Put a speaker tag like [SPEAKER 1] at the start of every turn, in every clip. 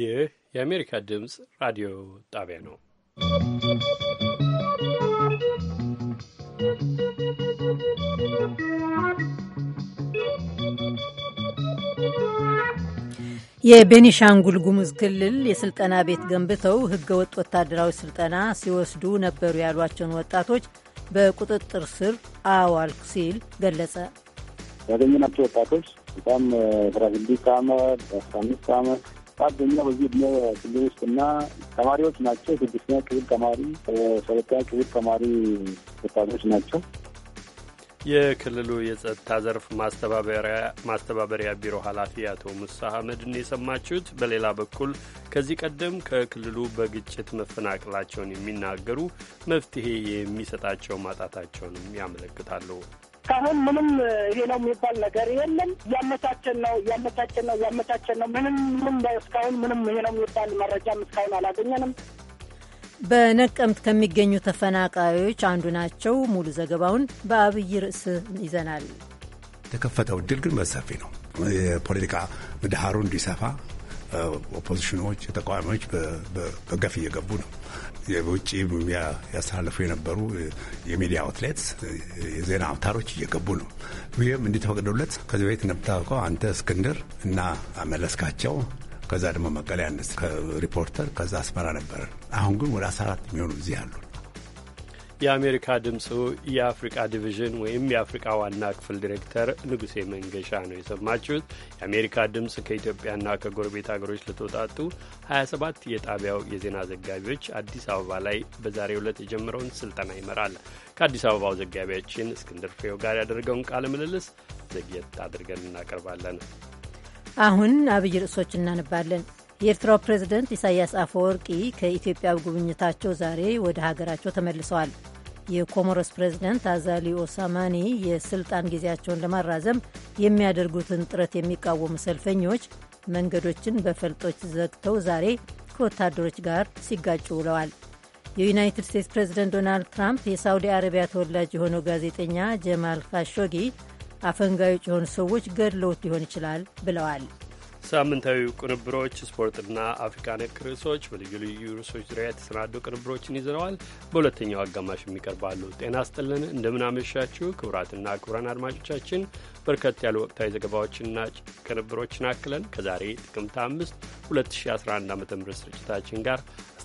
[SPEAKER 1] ይህ የአሜሪካ ድምፅ ራዲዮ ጣቢያ ነው።
[SPEAKER 2] የቤኒሻንጉል ጉሙዝ ክልል የስልጠና ቤት ገንብተው ህገወጥ ወታደራዊ ስልጠና ሲወስዱ ነበሩ ያሏቸውን ወጣቶች በቁጥጥር ስር አዋልኩ ሲል ገለጸ።
[SPEAKER 3] ያገኘናቸው ወጣቶች በጣም አስራ ስድስት ዓመት አስራ አምስት በአብዛኛው በዚህ እድሜ ክልል ውስጥ እና ተማሪዎች ናቸው። ስድስተኛ ክፍል ተማሪ፣ ሰባተኛ ክፍል ተማሪ ወጣቶች ናቸው።
[SPEAKER 1] የክልሉ የጸጥታ ዘርፍ ማስተባበሪያ ቢሮ ኃላፊ አቶ ሙሳ አህመድን የሰማችሁት። በሌላ በኩል ከዚህ ቀደም ከክልሉ በግጭት መፈናቀላቸውን የሚናገሩ መፍትሄ የሚሰጣቸው ማጣታቸውንም ያመለክታሉ።
[SPEAKER 4] እስካሁን ምንም ይሄ ነው የሚባል ነገር የለም። ያመቻቸን ነው ያመቻቸን ነው ያመቻቸን ነው። ምንም ምንም እስካሁን ምንም ይሄ ነው የሚባል መረጃም እስካሁን
[SPEAKER 2] አላገኘንም። በነቀምት ከሚገኙ ተፈናቃዮች አንዱ ናቸው። ሙሉ ዘገባውን በአብይ ርዕስ ይዘናል።
[SPEAKER 5] የተከፈተው እድል ግን መሰፊ ነው። የፖለቲካ ምህዳሩ እንዲሰፋ ኦፖዚሽኖች፣ ተቃዋሚዎች በገፍ እየገቡ ነው። የውጭ ያስተላለፉ የነበሩ የሚዲያ አውትሌትስ የዜና አውታሮች እየገቡ ነው። ይህም እንዲተፈቅዶለት ከዚህ በፊት እንደምታውቀው አንተ እስክንድር እና መለስካቸው ከዛ ደግሞ መቀለያ ሪፖርተር ከዛ አስመራ ነበር። አሁን ግን ወደ አስራ የሚሆኑ እዚህ አሉ።
[SPEAKER 1] የአሜሪካ ድምፁ የአፍሪቃ ዲቪዥን ወይም የአፍሪቃ ዋና ክፍል ዲሬክተር ንጉሴ መንገሻ ነው የሰማችሁት። የአሜሪካ ድምፅ ከኢትዮጵያና ከጎረቤት ሀገሮች ለተውጣጡ 27 የጣቢያው የዜና ዘጋቢዎች አዲስ አበባ ላይ በዛሬው ዕለት የጀመረውን ስልጠና ይመራል። ከአዲስ አበባው ዘጋቢያችን እስክንድር ፍሬው ጋር ያደረገውን ቃለ ምልልስ ዘግየት አድርገን እናቀርባለን።
[SPEAKER 2] አሁን አብይ ርዕሶች እናነባለን። የኤርትራው ፕሬዝደንት ኢሳያስ አፈወርቂ ከኢትዮጵያ ጉብኝታቸው ዛሬ ወደ ሀገራቸው ተመልሰዋል። የኮሞሮስ ፕሬዝደንት አዛሊ ኦሳማኒ የስልጣን ጊዜያቸውን ለማራዘም የሚያደርጉትን ጥረት የሚቃወሙ ሰልፈኞች መንገዶችን በፈልጦች ዘግተው ዛሬ ከወታደሮች ጋር ሲጋጩ ውለዋል። የዩናይትድ ስቴትስ ፕሬዝደንት ዶናልድ ትራምፕ የሳውዲ አረቢያ ተወላጅ የሆነው ጋዜጠኛ ጀማል ካሾጊ አፈንጋዮች የሆኑ ሰዎች ገድለውት ሊሆን ይችላል ብለዋል።
[SPEAKER 1] ሳምንታዊ ቅንብሮች፣ ስፖርትና አፍሪካ ነክ ርዕሶች፣ በልዩ ልዩ ርዕሶች ዙሪያ የተሰናዱ ቅንብሮችን ይዘነዋል። በሁለተኛው አጋማሽ የሚቀርባሉ። ጤና ስጥልን፣ እንደምናመሻችሁ ክቡራትና ክቡራን አድማጮቻችን በርከት ያሉ ወቅታዊ ዘገባዎችና ቅንብሮችን አክለን ከዛሬ ጥቅምት 5 2011 ዓ ም ስርጭታችን ጋር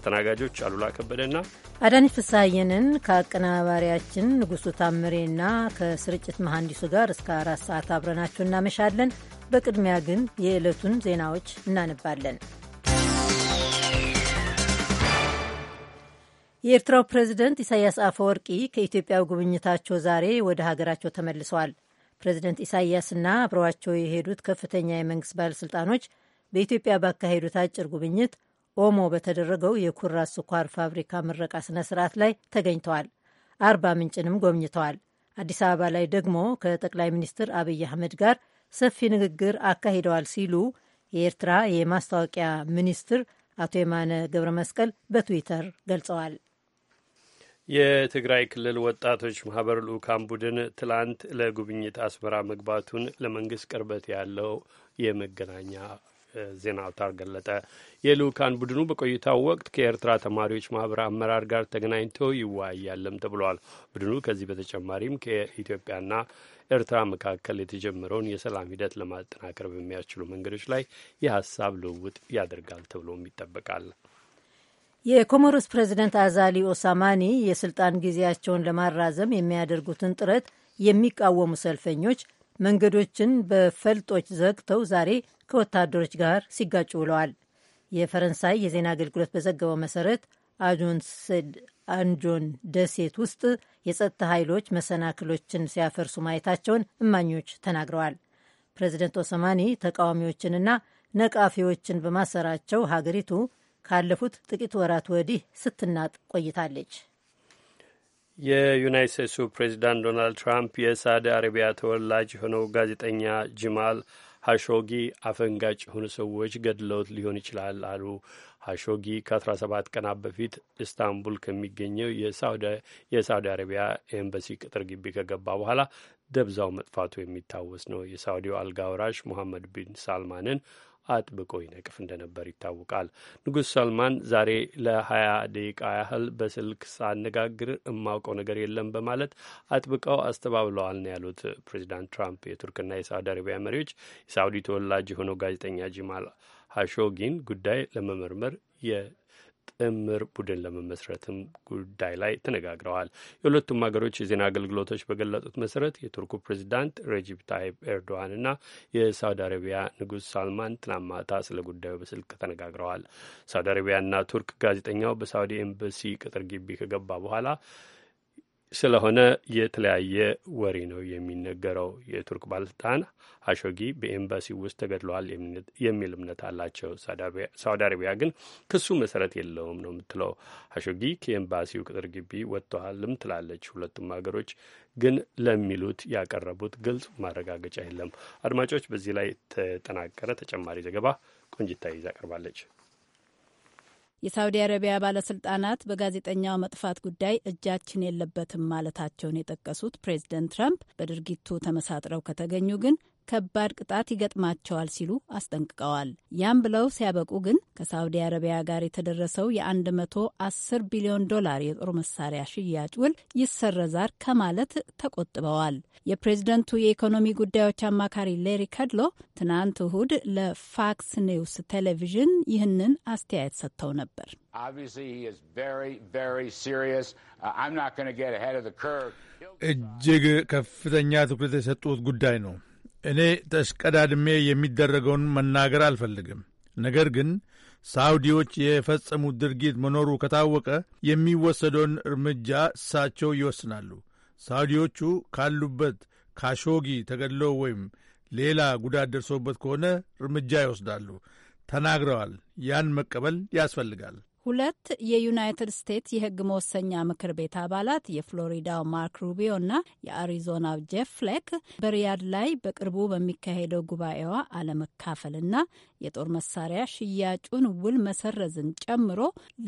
[SPEAKER 1] አስተናጋጆች አሉላ ከበደና
[SPEAKER 2] አዳኒ ፍሳሐየንን ከአቀናባሪያችን ንጉሱ ታምሬና ከስርጭት መሐንዲሱ ጋር እስከ አራት ሰዓት አብረናችሁ እናመሻለን። በቅድሚያ ግን የዕለቱን ዜናዎች እናነባለን። የኤርትራው ፕሬዝደንት ኢሳያስ አፈወርቂ ከኢትዮጵያው ጉብኝታቸው ዛሬ ወደ ሀገራቸው ተመልሰዋል። ፕሬዝደንት ኢሳያስና አብረዋቸው የሄዱት ከፍተኛ የመንግስት ባለሥልጣኖች በኢትዮጵያ ባካሄዱት አጭር ጉብኝት ኦሞ በተደረገው የኩራት ስኳር ፋብሪካ ምረቃ ስነ ስርዓት ላይ ተገኝተዋል። አርባ ምንጭንም ጎብኝተዋል። አዲስ አበባ ላይ ደግሞ ከጠቅላይ ሚኒስትር አብይ አህመድ ጋር ሰፊ ንግግር አካሂደዋል ሲሉ የኤርትራ የማስታወቂያ ሚኒስትር አቶ የማነ ገብረ መስቀል በትዊተር ገልጸዋል።
[SPEAKER 1] የትግራይ ክልል ወጣቶች ማህበር ልዑካን ቡድን ትላንት ለጉብኝት አስመራ መግባቱን ለመንግስት ቅርበት ያለው የመገናኛ ዜና አውታር ገለጠ። የልዑካን ቡድኑ በቆይታው ወቅት ከኤርትራ ተማሪዎች ማህበር አመራር ጋር ተገናኝቶ ይወያያልም ተብሏል። ቡድኑ ከዚህ በተጨማሪም ከኢትዮጵያና ኤርትራ መካከል የተጀመረውን የሰላም ሂደት ለማጠናከር በሚያስችሉ መንገዶች ላይ የሀሳብ ልውውጥ ያደርጋል ተብሎም ይጠበቃል።
[SPEAKER 2] የኮሞሮስ ፕሬዚደንት አዛሊ ኦሳማኒ የስልጣን ጊዜያቸውን ለማራዘም የሚያደርጉትን ጥረት የሚቃወሙ ሰልፈኞች መንገዶችን በፈልጦች ዘግተው ዛሬ ከወታደሮች ጋር ሲጋጩ ውለዋል። የፈረንሳይ የዜና አገልግሎት በዘገበው መሰረት አንጆን ደሴት ውስጥ የጸጥታ ኃይሎች መሰናክሎችን ሲያፈርሱ ማየታቸውን እማኞች ተናግረዋል። ፕሬዚደንት ኦሶማኒ ተቃዋሚዎችንና ነቃፊዎችን በማሰራቸው ሀገሪቱ ካለፉት ጥቂት ወራት ወዲህ ስትናጥ ቆይታለች።
[SPEAKER 1] የዩናይት ስቴትሱ ፕሬዚዳንት ዶናልድ ትራምፕ የሳዑዲ አረቢያ ተወላጅ የሆነው ጋዜጠኛ ጅማል ሀሾጊ አፈንጋጭ የሆኑ ሰዎች ገድለውት ሊሆን ይችላል አሉ። ሀሾጊ ከ17 ቀናት በፊት ኢስታንቡል ከሚገኘው የሳውዲ አረቢያ ኤምባሲ ቅጥር ግቢ ከገባ በኋላ ደብዛው መጥፋቱ የሚታወስ ነው። የሳውዲው አልጋ ወራሽ ሙሐመድ ቢን ሳልማንን አጥብቆ ይነቅፍ እንደነበር ይታወቃል። ንጉሥ ሰልማን ዛሬ ለሀያ ደቂቃ ያህል በስልክ ሳነጋግር እማውቀው ነገር የለም በማለት አጥብቀው አስተባብለዋል ነው ያሉት ፕሬዚዳንት ትራምፕ። የቱርክና የሳውዲ አረቢያ መሪዎች የሳውዲ ተወላጅ የሆነው ጋዜጠኛ ጂማል ሀሾጊን ጉዳይ ለመመርመር ጥምር ቡድን ለመመስረትም ጉዳይ ላይ ተነጋግረዋል። የሁለቱም ሀገሮች የዜና አገልግሎቶች በገለጹት መሰረት የቱርኩ ፕሬዚዳንት ረጂብ ታይብ ኤርዶዋን እና የሳውዲ አረቢያ ንጉሥ ሳልማን ትናንት ማታ ስለ ጉዳዩ በስልክ ተነጋግረዋል። ሳውዲ አረቢያና ቱርክ ጋዜጠኛው በሳውዲ ኤምባሲ ቅጥር ግቢ ከገባ በኋላ ስለሆነ የተለያየ ወሬ ነው የሚነገረው። የቱርክ ባለስልጣን አሾጊ በኤምባሲ ውስጥ ተገድለዋል የሚል እምነት አላቸው። ሳውዲ አረቢያ ግን ክሱ መሰረት የለውም ነው የምትለው። አሾጊ ከኤምባሲው ቅጥር ግቢ ወጥተዋልም ትላለች። ሁለቱም ሀገሮች ግን ለሚሉት ያቀረቡት ግልጽ ማረጋገጫ የለም። አድማጮች፣ በዚህ ላይ ተጠናቀረ ተጨማሪ ዘገባ ቆንጅታ ይዛ ቀርባለች።
[SPEAKER 6] የሳውዲ አረቢያ ባለስልጣናት በጋዜጠኛው መጥፋት ጉዳይ እጃችን የለበትም ማለታቸውን የጠቀሱት ፕሬዝደንት ትራምፕ በድርጊቱ ተመሳጥረው ከተገኙ ግን ከባድ ቅጣት ይገጥማቸዋል ሲሉ አስጠንቅቀዋል። ያም ብለው ሲያበቁ ግን ከሳውዲ አረቢያ ጋር የተደረሰው የ110 ቢሊዮን ዶላር የጦር መሳሪያ ሽያጭ ውል ይሰረዛል ከማለት ተቆጥበዋል። የፕሬዝደንቱ የኢኮኖሚ ጉዳዮች አማካሪ ሌሪ ከድሎ ትናንት እሁድ ለፋክስ ኒውስ ቴሌቪዥን ይህንን አስተያየት ሰጥተው ነበር።
[SPEAKER 3] uh,
[SPEAKER 5] እጅግ ከፍተኛ ትኩረት የሰጡት ጉዳይ ነው። እኔ ተሽቀዳድሜ የሚደረገውን መናገር አልፈልግም። ነገር ግን ሳውዲዎች የፈጸሙት ድርጊት መኖሩ ከታወቀ የሚወሰደውን እርምጃ እሳቸው ይወስናሉ። ሳውዲዎቹ ካሉበት ካሾጊ ተገድሎ ወይም ሌላ ጉዳት ደርሶበት ከሆነ እርምጃ ይወስዳሉ ተናግረዋል። ያን መቀበል ያስፈልጋል።
[SPEAKER 6] ሁለት የዩናይትድ ስቴትስ የህግ መወሰኛ ምክር ቤት አባላት የፍሎሪዳው ማርክ ሩቢዮ እና የአሪዞናው ጄፍ ፍሌክ በሪያድ ላይ በቅርቡ በሚካሄደው ጉባኤዋ አለመካፈልና የጦር መሳሪያ ሽያጩን ውል መሰረዝን ጨምሮ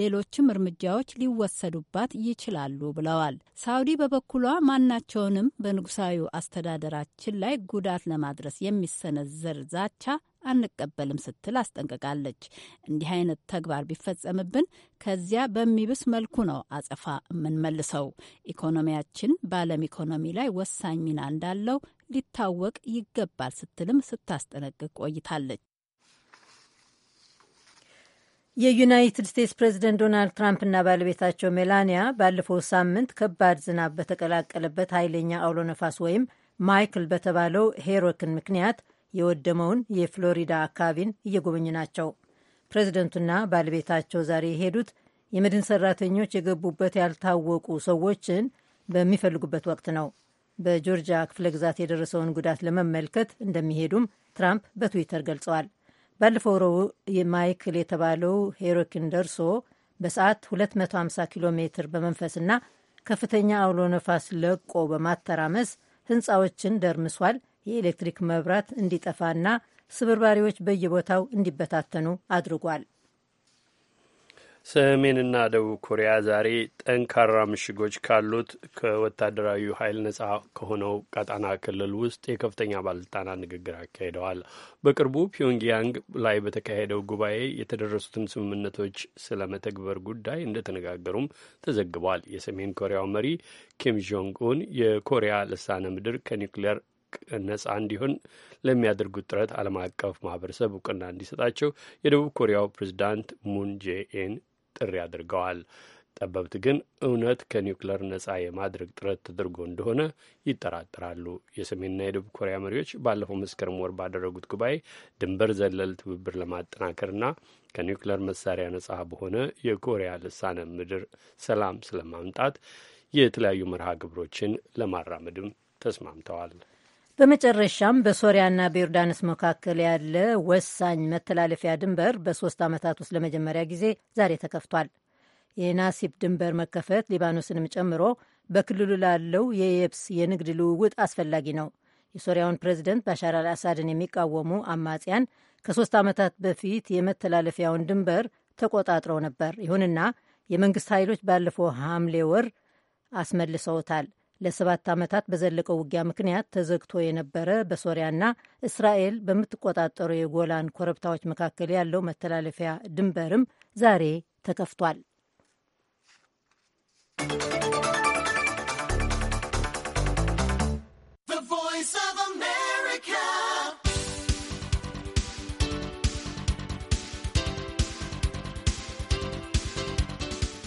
[SPEAKER 6] ሌሎችም እርምጃዎች ሊወሰዱባት ይችላሉ ብለዋል። ሳውዲ በበኩሏ ማናቸውንም በንጉሳዊ አስተዳደራችን ላይ ጉዳት ለማድረስ የሚሰነዘር ዛቻ አንቀበልም ስትል አስጠንቅቃለች። እንዲህ አይነት ተግባር ቢፈጸምብን ከዚያ በሚብስ መልኩ ነው አጸፋ የምንመልሰው። ኢኮኖሚያችን በዓለም ኢኮኖሚ ላይ ወሳኝ ሚና እንዳለው ሊታወቅ ይገባል ስትልም ስታስጠነቅቅ ቆይታለች። የዩናይትድ ስቴትስ ፕሬዚደንት
[SPEAKER 2] ዶናልድ ትራምፕና ባለቤታቸው ሜላኒያ ባለፈው ሳምንት ከባድ ዝናብ በተቀላቀለበት ኃይለኛ አውሎ ነፋስ ወይም ማይክል በተባለው ሄሮክን ምክንያት የወደመውን የፍሎሪዳ አካባቢን እየጎበኙ ናቸው። ፕሬዚደንቱና ባለቤታቸው ዛሬ የሄዱት የመድን ሰራተኞች የገቡበት ያልታወቁ ሰዎችን በሚፈልጉበት ወቅት ነው። በጆርጂያ ክፍለ ግዛት የደረሰውን ጉዳት ለመመልከት እንደሚሄዱም ትራምፕ በትዊተር ገልጸዋል። ባለፈው ረቡዕ ማይክል የተባለው ሄሮኪን ደርሶ በሰዓት 250 ኪሎ ሜትር በመንፈስና ከፍተኛ አውሎ ነፋስ ለቆ በማተራመስ ህንፃዎችን ደርምሷል፣ የኤሌክትሪክ መብራት እንዲጠፋና ስብርባሪዎች በየቦታው እንዲበታተኑ አድርጓል።
[SPEAKER 1] ሰሜንና ደቡብ ኮሪያ ዛሬ ጠንካራ ምሽጎች ካሉት ከወታደራዊ ኃይል ነጻ ከሆነው ቀጣና ክልል ውስጥ የከፍተኛ ባለስልጣናት ንግግር አካሂደዋል። በቅርቡ ፒዮንግያንግ ላይ በተካሄደው ጉባኤ የተደረሱትን ስምምነቶች ስለ መተግበር ጉዳይ እንደተነጋገሩም ተዘግቧል። የሰሜን ኮሪያው መሪ ኪም ጆንግ ኡን የኮሪያ ልሳነ ምድር ከኒውክሌር ነጻ እንዲሆን ለሚያደርጉት ጥረት ዓለም አቀፍ ማህበረሰብ እውቅና እንዲሰጣቸው የደቡብ ኮሪያው ፕሬዚዳንት ሙን ጄኤን ጥሪ አድርገዋል። ጠበብት ግን እውነት ከኒውክለር ነጻ የማድረግ ጥረት ተደርጎ እንደሆነ ይጠራጠራሉ። የሰሜንና የደቡብ ኮሪያ መሪዎች ባለፈው መስከረም ወር ባደረጉት ጉባኤ ድንበር ዘለል ትብብር ለማጠናከርና ከኒውክለር መሳሪያ ነጻ በሆነ የኮሪያ ልሳነ ምድር ሰላም ስለማምጣት የተለያዩ መርሃ ግብሮችን ለማራመድም ተስማምተዋል።
[SPEAKER 2] በመጨረሻም በሶሪያና በዮርዳኖስ መካከል ያለ ወሳኝ መተላለፊያ ድንበር በሶስት ዓመታት ውስጥ ለመጀመሪያ ጊዜ ዛሬ ተከፍቷል። የናሲብ ድንበር መከፈት ሊባኖስንም ጨምሮ በክልሉ ላለው የየብስ የንግድ ልውውጥ አስፈላጊ ነው። የሶሪያውን ፕሬዚደንት ባሻር አልአሳድን የሚቃወሙ አማጽያን ከሶስት ዓመታት በፊት የመተላለፊያውን ድንበር ተቆጣጥረው ነበር። ይሁንና የመንግስት ኃይሎች ባለፈው ሐምሌ ወር አስመልሰውታል። ለሰባት ዓመታት በዘለቀው ውጊያ ምክንያት ተዘግቶ የነበረ በሶሪያና እስራኤል በምትቆጣጠሩ የጎላን ኮረብታዎች መካከል ያለው መተላለፊያ ድንበርም ዛሬ ተከፍቷል።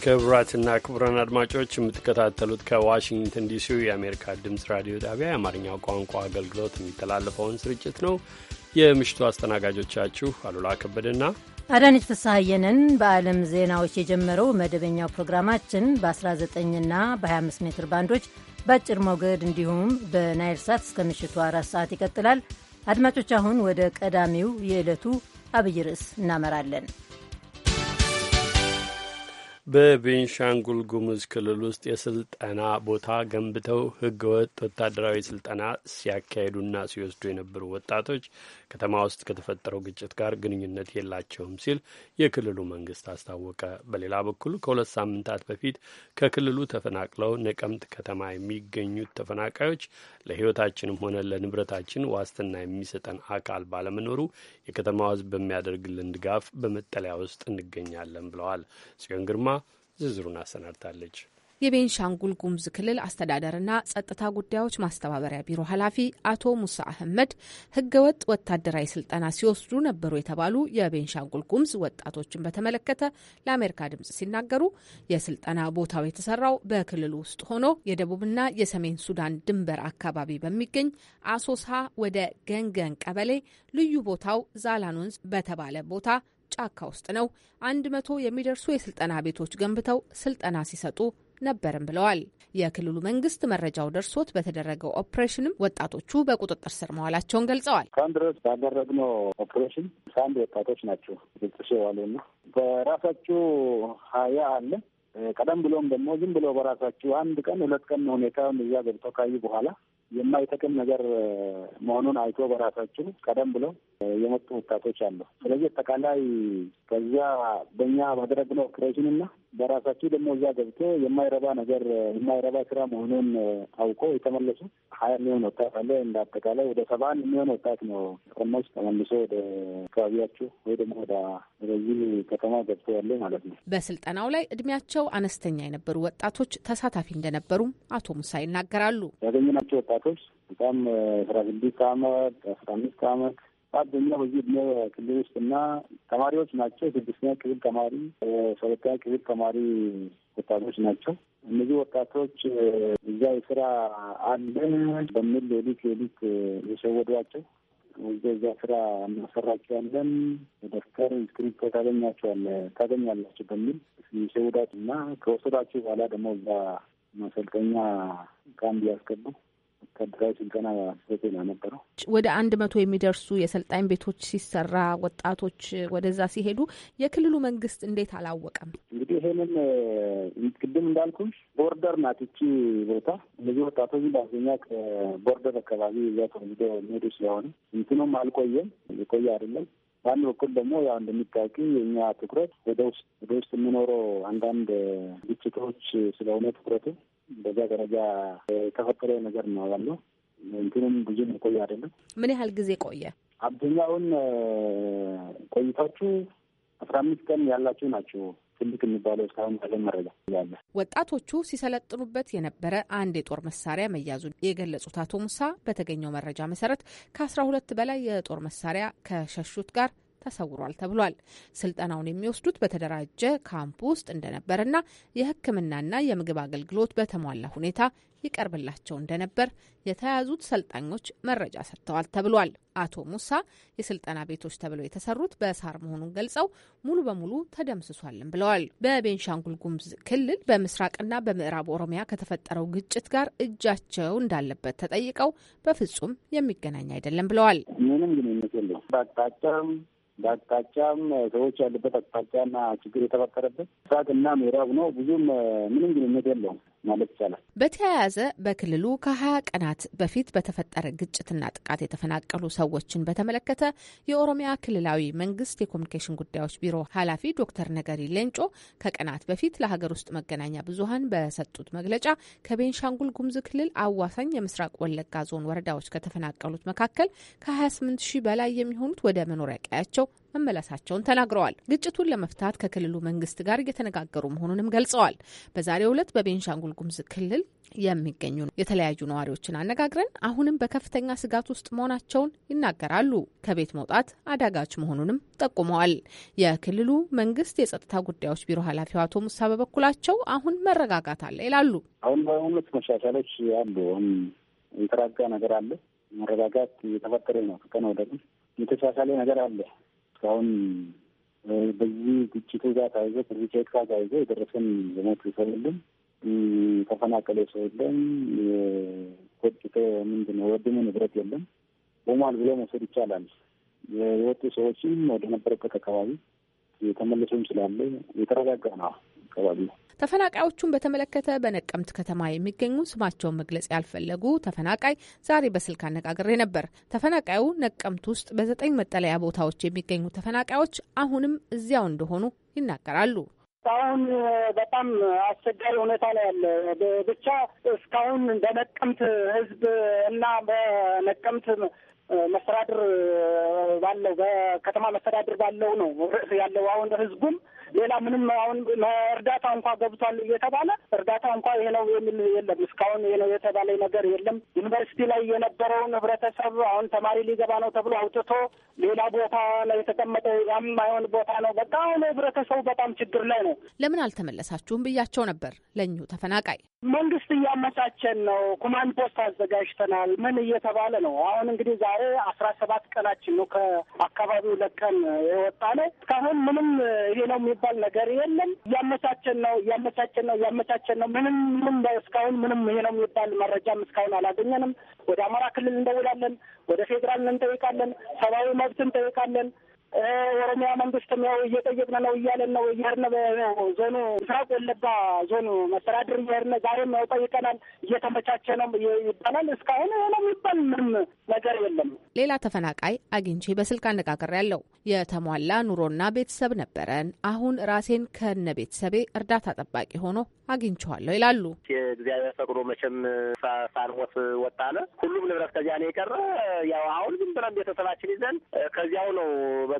[SPEAKER 1] ክቡራትና ክቡራን አድማጮች የምትከታተሉት ከዋሽንግተን ዲሲው የአሜሪካ ድምፅ ራዲዮ ጣቢያ የአማርኛ ቋንቋ አገልግሎት የሚተላለፈውን ስርጭት ነው። የምሽቱ አስተናጋጆቻችሁ አሉላ ከበደና
[SPEAKER 2] አዳነች ፍስሐየንን። በዓለም ዜናዎች የጀመረው መደበኛው ፕሮግራማችን በ19ና በ25 ሜትር ባንዶች በአጭር ሞገድ እንዲሁም በናይል ሳት እስከ ምሽቱ አራት ሰዓት ይቀጥላል። አድማጮች አሁን ወደ ቀዳሚው የዕለቱ አብይ ርዕስ እናመራለን።
[SPEAKER 1] በቤንሻንጉል ጉሙዝ ክልል ውስጥ የስልጠና ቦታ ገንብተው ህገወጥ ወታደራዊ ስልጠና ሲያካሄዱና ሲወስዱ የነበሩ ወጣቶች ከተማ ውስጥ ከተፈጠረው ግጭት ጋር ግንኙነት የላቸውም ሲል የክልሉ መንግስት አስታወቀ። በሌላ በኩል ከሁለት ሳምንታት በፊት ከክልሉ ተፈናቅለው ነቀምት ከተማ የሚገኙት ተፈናቃዮች ለህይወታችንም ሆነ ለንብረታችን ዋስትና የሚሰጠን አካል ባለመኖሩ የከተማ ህዝብ በሚያደርግልን ድጋፍ በመጠለያ ውስጥ እንገኛለን ብለዋል። ጽዮን ግርማ ዝርዝሩን አሰናድታለች።
[SPEAKER 7] የቤንሻንጉል ጉሙዝ ክልል አስተዳደርና ጸጥታ ጉዳዮች ማስተባበሪያ ቢሮ ኃላፊ አቶ ሙሳ አህመድ ህገወጥ ወታደራዊ ስልጠና ሲወስዱ ነበሩ የተባሉ የቤንሻንጉል ጉሙዝ ወጣቶችን በተመለከተ ለአሜሪካ ድምጽ ሲናገሩ የስልጠና ቦታው የተሰራው በክልሉ ውስጥ ሆኖ የደቡብና የሰሜን ሱዳን ድንበር አካባቢ በሚገኝ አሶሳ ወደ ገንገን ቀበሌ ልዩ ቦታው ዛላን ወንዝ በተባለ ቦታ ጫካ ውስጥ ነው። አንድ መቶ የሚደርሱ የስልጠና ቤቶች ገንብተው ስልጠና ሲሰጡ ነበርም ብለዋል። የክልሉ መንግስት መረጃው ደርሶት በተደረገው ኦፕሬሽንም ወጣቶቹ በቁጥጥር ስር መዋላቸውን ገልጸዋል።
[SPEAKER 3] እስካሁን ድረስ ባደረግነው ኦፕሬሽን ከአንድ ወጣቶች ናቸው ግጭሽ ና በራሳችሁ ሀያ አለ ቀደም ብሎም ደግሞ ዝም ብሎ በራሳችሁ አንድ ቀን ሁለት ቀን ሁኔታ እዛ ገብተው ካዩ በኋላ የማይጠቅም ነገር መሆኑን አይቶ በራሳችን ቀደም ብለው የመጡ ወጣቶች አሉ። ስለዚህ አጠቃላይ ከዚያ በእኛ ባደረግነው ኦፕሬሽንና በራሳቸው ደግሞ እዛ ገብቶ የማይረባ ነገር የማይረባ ስራ መሆኑን አውቆ የተመለሱ ሀያ የሚሆን ወጣት አለ። እንደ አጠቃላይ ወደ ሰባ አንድ የሚሆን ወጣት ነው ቀሞች ተመልሶ ወደ አካባቢያቸው ወይ ደግሞ ወደ በዚህ ከተማ ገብቶ ያለ ማለት ነው።
[SPEAKER 7] በስልጠናው ላይ እድሜያቸው አነስተኛ የነበሩ ወጣቶች ተሳታፊ እንደነበሩም አቶ ሙሳ ይናገራሉ።
[SPEAKER 3] ያገኘናቸው ወጣቶች በጣም አስራ ስድስት አመት አስራ አምስት አመት በአብዛኛው በዚህ እድሜ ክልል ውስጥ እና ተማሪዎች ናቸው። ስድስተኛ ክፍል ተማሪ፣ ሰባተኛ ክፍል ተማሪ ወጣቶች ናቸው። እነዚህ ወጣቶች እዛ የስራ አለ በሚል ሌሊት ሌሊት የሸወዷቸው እዛ ስራ እናሰራቸው ያለን ደፍተር እስክሪፕቶ ታገኛቸዋለ ታገኛላቸው በሚል የሸወዷት እና ከወሰዷቸው በኋላ ደግሞ እዛ ማሰልጠኛ ካምፕ ያስገቡ ወታደራዊ ስልጠና ሰቴን ያነበረው
[SPEAKER 7] ወደ አንድ መቶ የሚደርሱ የሰልጣኝ ቤቶች ሲሰራ ወጣቶች ወደዛ ሲሄዱ የክልሉ መንግስት እንዴት አላወቀም?
[SPEAKER 3] እንግዲህ ይሄንን ቅድም እንዳልኩሽ ቦርደር ናት እቺ ቦታ። እነዚህ ወጣቶች በአብዛኛ ከቦርደር አካባቢ እዛ የሚሄዱ ስለሆነ እንትኖም አልቆየም፣ የቆየ አይደለም። በአንድ በኩል ደግሞ ያው እንደሚታወቂ የእኛ ትኩረት ወደ ውስጥ ወደ ውስጥ የሚኖረው አንዳንድ ግጭቶች ስለሆነ ትኩረቱ በዛ ደረጃ የተፈጠረ ነገር ነው ያለው። እንትንም ብዙም ቆየ አይደለም።
[SPEAKER 7] ምን ያህል ጊዜ ቆየ?
[SPEAKER 3] አብዛኛውን ቆይታችሁ አስራ አምስት ቀን ያላቸው ናቸው። ትልቅ የሚባለው እስካሁን ያለ መረጃ ያለ
[SPEAKER 7] ወጣቶቹ ሲሰለጥኑበት የነበረ አንድ የጦር መሳሪያ መያዙን የገለጹት አቶ ሙሳ በተገኘው መረጃ መሰረት ከአስራ ሁለት በላይ የጦር መሳሪያ ከሸሹት ጋር ተሰውሯል ተብሏል። ስልጠናውን የሚወስዱት በተደራጀ ካምፕ ውስጥ እንደነበርና የሕክምናና የምግብ አገልግሎት በተሟላ ሁኔታ ይቀርብላቸው እንደነበር የተያዙት ሰልጣኞች መረጃ ሰጥተዋል ተብሏል። አቶ ሙሳ የስልጠና ቤቶች ተብለው የተሰሩት በሳር መሆኑን ገልጸው ሙሉ በሙሉ ተደምስሷልም ብለዋል። በቤንሻንጉል ጉምዝ ክልል በምስራቅና በምዕራብ ኦሮሚያ ከተፈጠረው ግጭት ጋር እጃቸው እንዳለበት ተጠይቀው በፍጹም የሚገናኝ አይደለም ብለዋል።
[SPEAKER 3] ምንም ግንኙነት የለም። በአቅጣጫም በአቅጣጫም ሰዎች ያሉበት አቅጣጫና ችግር የተፈጠረበት እና ምዕራብ ነው። ብዙም ምንም ግንኙነት የለውም። ማለት ይቻላል።
[SPEAKER 7] በተያያዘ በክልሉ ከሀያ ቀናት በፊት በተፈጠረ ግጭትና ጥቃት የተፈናቀሉ ሰዎችን በተመለከተ የኦሮሚያ ክልላዊ መንግስት የኮሚኒኬሽን ጉዳዮች ቢሮ ኃላፊ ዶክተር ነገሪ ሌንጮ ከቀናት በፊት ለሀገር ውስጥ መገናኛ ብዙሀን በሰጡት መግለጫ ከቤንሻንጉል ጉሙዝ ክልል አዋሳኝ የምስራቅ ወለጋ ዞን ወረዳዎች ከተፈናቀሉት መካከል ከ28 ሺህ በላይ የሚሆኑት ወደ መኖሪያ ቀያቸው መመለሳቸውን ተናግረዋል። ግጭቱን ለመፍታት ከክልሉ መንግስት ጋር እየተነጋገሩ መሆኑንም ገልጸዋል። በዛሬው ዕለት በቤንሻንጉል ጉሙዝ ክልል የሚገኙ የተለያዩ ነዋሪዎችን አነጋግረን አሁንም በከፍተኛ ስጋት ውስጥ መሆናቸውን ይናገራሉ። ከቤት መውጣት አዳጋች መሆኑንም ጠቁመዋል። የክልሉ መንግስት የጸጥታ ጉዳዮች ቢሮ ኃላፊው አቶ ሙሳ በበኩላቸው አሁን መረጋጋት አለ ይላሉ።
[SPEAKER 3] አሁን በሁለት መሻሻሎች አሉ። አሁን የተራጋ ነገር አለ። መረጋጋት እየተፈጠረ ነው። ከቀን ወደ ቀን የተሻሻለ ነገር አለ። እስካሁን በዚህ ግጭቱ ጋር ተያይዞ ከዚቻት ጋር ተያይዞ የደረሰን የሞት ሰው የለም፣ የተፈናቀለ ሰው የለም፣ የቆጭተ ምንድን ነው የወደመ ንብረት የለም። ቦሟል ብሎ መውሰድ ይቻላል። የወጡ ሰዎችም ወደ ነበረበት አካባቢ የተመለሱም ስላለ የተረጋጋ ነው አካባቢ ነው።
[SPEAKER 7] ተፈናቃዮቹን በተመለከተ በነቀምት ከተማ የሚገኙ ስማቸውን መግለጽ ያልፈለጉ ተፈናቃይ ዛሬ በስልክ አነጋግሬ ነበር። ተፈናቃዩ ነቀምት ውስጥ በዘጠኝ መጠለያ ቦታዎች የሚገኙ ተፈናቃዮች አሁንም እዚያው እንደሆኑ ይናገራሉ። እስካሁን
[SPEAKER 4] በጣም አስቸጋሪ ሁኔታ ነው ያለ። ብቻ እስካሁን በነቀምት ህዝብ እና በነቀምት መስተዳድር ባለው በከተማ መስተዳድር ባለው ነው ያለው። አሁን ህዝቡም ሌላ ምንም አሁን እርዳታ እንኳ ገብቷል እየተባለ እርዳታ እንኳ ይሄ ነው የሚል የለም። እስካሁን ይሄ ነው የተባለ ነገር የለም። ዩኒቨርሲቲ ላይ የነበረውን ህብረተሰብ አሁን ተማሪ ሊገባ ነው ተብሎ አውጥቶ ሌላ ቦታ ላይ የተቀመጠ ያም አይሆን ቦታ ነው። በቃ አሁን ህብረተሰቡ በጣም ችግር ላይ ነው።
[SPEAKER 7] ለምን አልተመለሳችሁም ብያቸው ነበር ለእኚሁ ተፈናቃይ።
[SPEAKER 4] መንግስት እያመቻቸን ነው፣ ኮማንድ ፖስት አዘጋጅተናል፣ ምን እየተባለ ነው። አሁን እንግዲህ ዛሬ አስራ ሰባት ቀናችን ነው ከአካባቢው ለቀን የወጣ ነው። እስካሁን ምንም ይሄ ነው የሚባል ነገር የለም። እያመቻቸን ነው እያመቻቸን ነው እያመቻቸን ነው። ምንም ምን እስካሁን ምንም ይሄ ነው የሚባል መረጃም እስካሁን አላገኘንም። ወደ አማራ ክልል እንደውላለን፣ ወደ ፌዴራል እንጠይቃለን፣ ሰብአዊ መብት እንጠይቃለን። ኦሮሚያ መንግስትም ያው እየጠየቅን ነው እያለን ነው እየሄድን ዞኑ ምስራቅ ወለጋ ዞኑ መስተዳድር እየሄድን ዛሬም ያው ጠይቀናል። እየተመቻቸ ነው ይባላል። እስካሁን ነው የሚባል ምንም ነገር የለም።
[SPEAKER 7] ሌላ ተፈናቃይ አግኝቼ በስልክ አነጋገር ያለው የተሟላ ኑሮና ቤተሰብ ነበረን። አሁን ራሴን ከነ ቤተሰቤ እርዳታ ጠባቂ ሆኖ አግኝቸዋለሁ ይላሉ።
[SPEAKER 8] እግዚአብሔር ፈቅዶ መቼም ሳንሞት ወጣለ። ሁሉም ንብረት ከዚያ ነው የቀረ። ያው አሁን ዝም ብለን ቤተሰባችን ይዘን ከዚያው ነው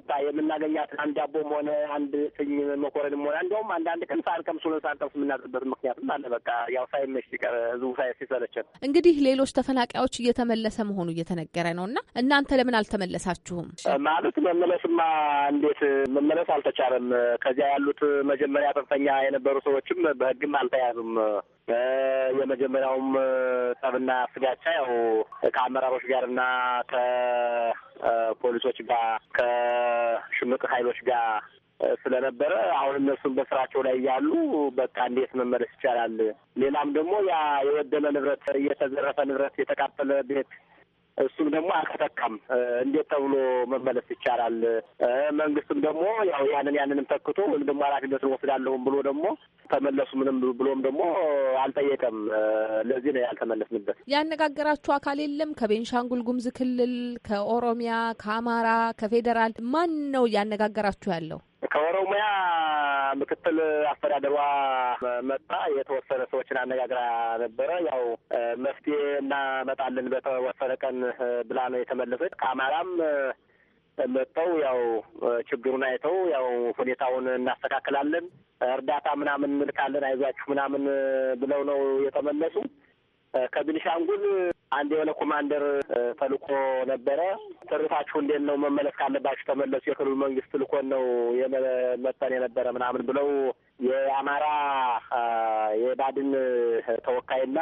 [SPEAKER 8] መጣ የምናገኛት አንድ ዳቦም ሆነ አንድ ስኝ መኮረንም ሆነ እንዲሁም አንዳንድ ቀን ሳንቀምስ ሁለት ሳንቀምስ የምናጥበት ምክንያትም አለ። በቃ ያው ሳይመሽ ሲቀር ህዝቡ ሳይ ሲሰለቸን
[SPEAKER 7] እንግዲህ ሌሎች ተፈናቃዮች እየተመለሰ መሆኑ እየተነገረ ነው እና እናንተ ለምን አልተመለሳችሁም?
[SPEAKER 8] ማለት መመለስማ እንዴት መመለስ አልተቻለም። ከዚያ ያሉት መጀመሪያ ጽንፈኛ የነበሩ ሰዎችም በህግም አልተያዙም። የመጀመሪያውም ጸብና ስጋቻ ያው ከአመራሮች ጋርና ከፖሊሶች ጋር ከሽምቅ ኃይሎች ጋር ስለነበረ አሁን እነሱም በስራቸው ላይ እያሉ በቃ እንዴት መመለስ ይቻላል? ሌላም ደግሞ ያ የወደመ ንብረት፣ የተዘረፈ ንብረት፣ የተቃጠለ ቤት እሱም ደግሞ አልተተካም። እንዴት ተብሎ መመለስ ይቻላል? መንግስትም ደግሞ ያው ያንን ያንንም ተክቶ ወይም ደግሞ ኃላፊነቱን ወስዳለሁም ብሎ ደግሞ ተመለሱ ምንም ብሎም ደግሞ አልጠየቀም። ለዚህ ነው ያልተመለስንበት።
[SPEAKER 7] ያነጋገራችሁ አካል የለም? ከቤንሻንጉል ጉሙዝ ክልል፣ ከኦሮሚያ፣ ከአማራ፣ ከፌዴራል ማን ነው እያነጋገራችሁ ያለው?
[SPEAKER 8] ከኦሮሚያ ምክትል አስተዳደሯ መጣ የተወሰነ ሰዎችን አነጋግራ ነበረ። ያው መፍትሄ እናመጣለን በተወሰነ ቀን ብላ ነው የተመለሰች። ከአማራም መጥተው ያው ችግሩን አይተው ያው ሁኔታውን እናስተካክላለን፣ እርዳታ ምናምን እንልካለን፣ አይዟችሁ ምናምን ብለው ነው የተመለሱ። ከቤኒሻንጉል አንድ የሆነ ኮማንደር ተልኮ ነበረ። ትርታችሁ እንዴት ነው መመለስ ካለባችሁ ተመለሱ፣ የክልሉ መንግስት ልኮን ነው የመጠን የነበረ ምናምን ብለው የአማራ የባድን ተወካይና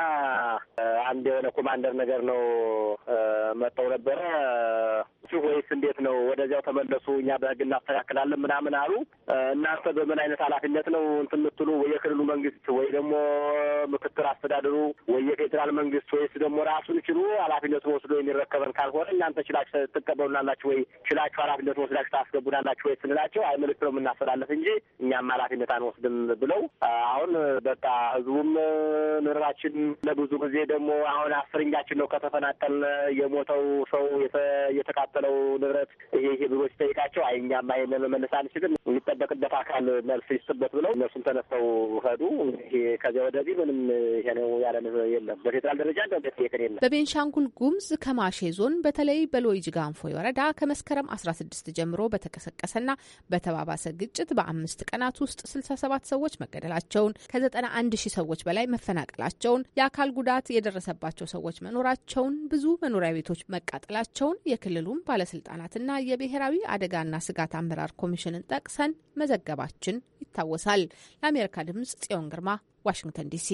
[SPEAKER 8] አንድ የሆነ ኮማንደር ነገር ነው መጠው ነበረ ሁ ወይስ እንዴት ነው? ወደዚያው ተመለሱ፣ እኛ በህግ እናስተካክላለን ምናምን አሉ። እናንተ በምን አይነት ኃላፊነት ነው እንትን የምትሉ? ወይ የክልሉ መንግስት ወይ ደግሞ ምክትል አስተዳደሩ ወይ የፌዴራል መንግስት ወይስ ደግሞ ራሱን ችሉ ኃላፊነቱን ወስዶ የሚረከበን ካልሆነ እናንተ ችላችሁ ትቀበሉናላችሁ ወይ ችላችሁ ኃላፊነቱን ወስዳችሁ ታስገቡናላችሁ ወይ ስንላቸው አይ ነው የምናስተላለፍ እንጂ እኛም ኃላፊነት አንወስድ አለብን ብለው አሁን በቃ ህዝቡም ምድራችን ለብዙ ጊዜ ደግሞ አሁን አስረኛችን ነው ከተፈናቀል የሞተው ሰው የተቃጠለው ንብረት ይሄ ይሄ ብሎ ሲጠይቃቸው አይ እኛማ ይሄንን መመለስ አንችልም የሚጠበቅበት አካል መልስ ይስጥበት ብለው እነሱም ተነስተው ሄዱ። ከዚያ ወደዚህ ምንም ይሄ ነው ያለን የለም። በፌዴራል ደረጃ እንደ ጠየቅን የለም።
[SPEAKER 7] በቤንሻንጉል ጉምዝ ከማሼ ዞን በተለይ በሎይ ጅጋንፎ ወረዳ ከመስከረም አስራ ስድስት ጀምሮ በተቀሰቀሰና በተባባሰ ግጭት በአምስት ቀናት ውስጥ ስልሳ ሰባት ሰባት ሰዎች መገደላቸውን ከ91 ሺህ ሰዎች በላይ መፈናቀላቸውን የአካል ጉዳት የደረሰባቸው ሰዎች መኖራቸውን ብዙ መኖሪያ ቤቶች መቃጠላቸውን የክልሉን ባለስልጣናትና የብሔራዊ አደጋና ስጋት አመራር ኮሚሽንን ጠቅሰን መዘገባችን ይታወሳል። ለአሜሪካ ድምጽ ጽዮን ግርማ ዋሽንግተን ዲሲ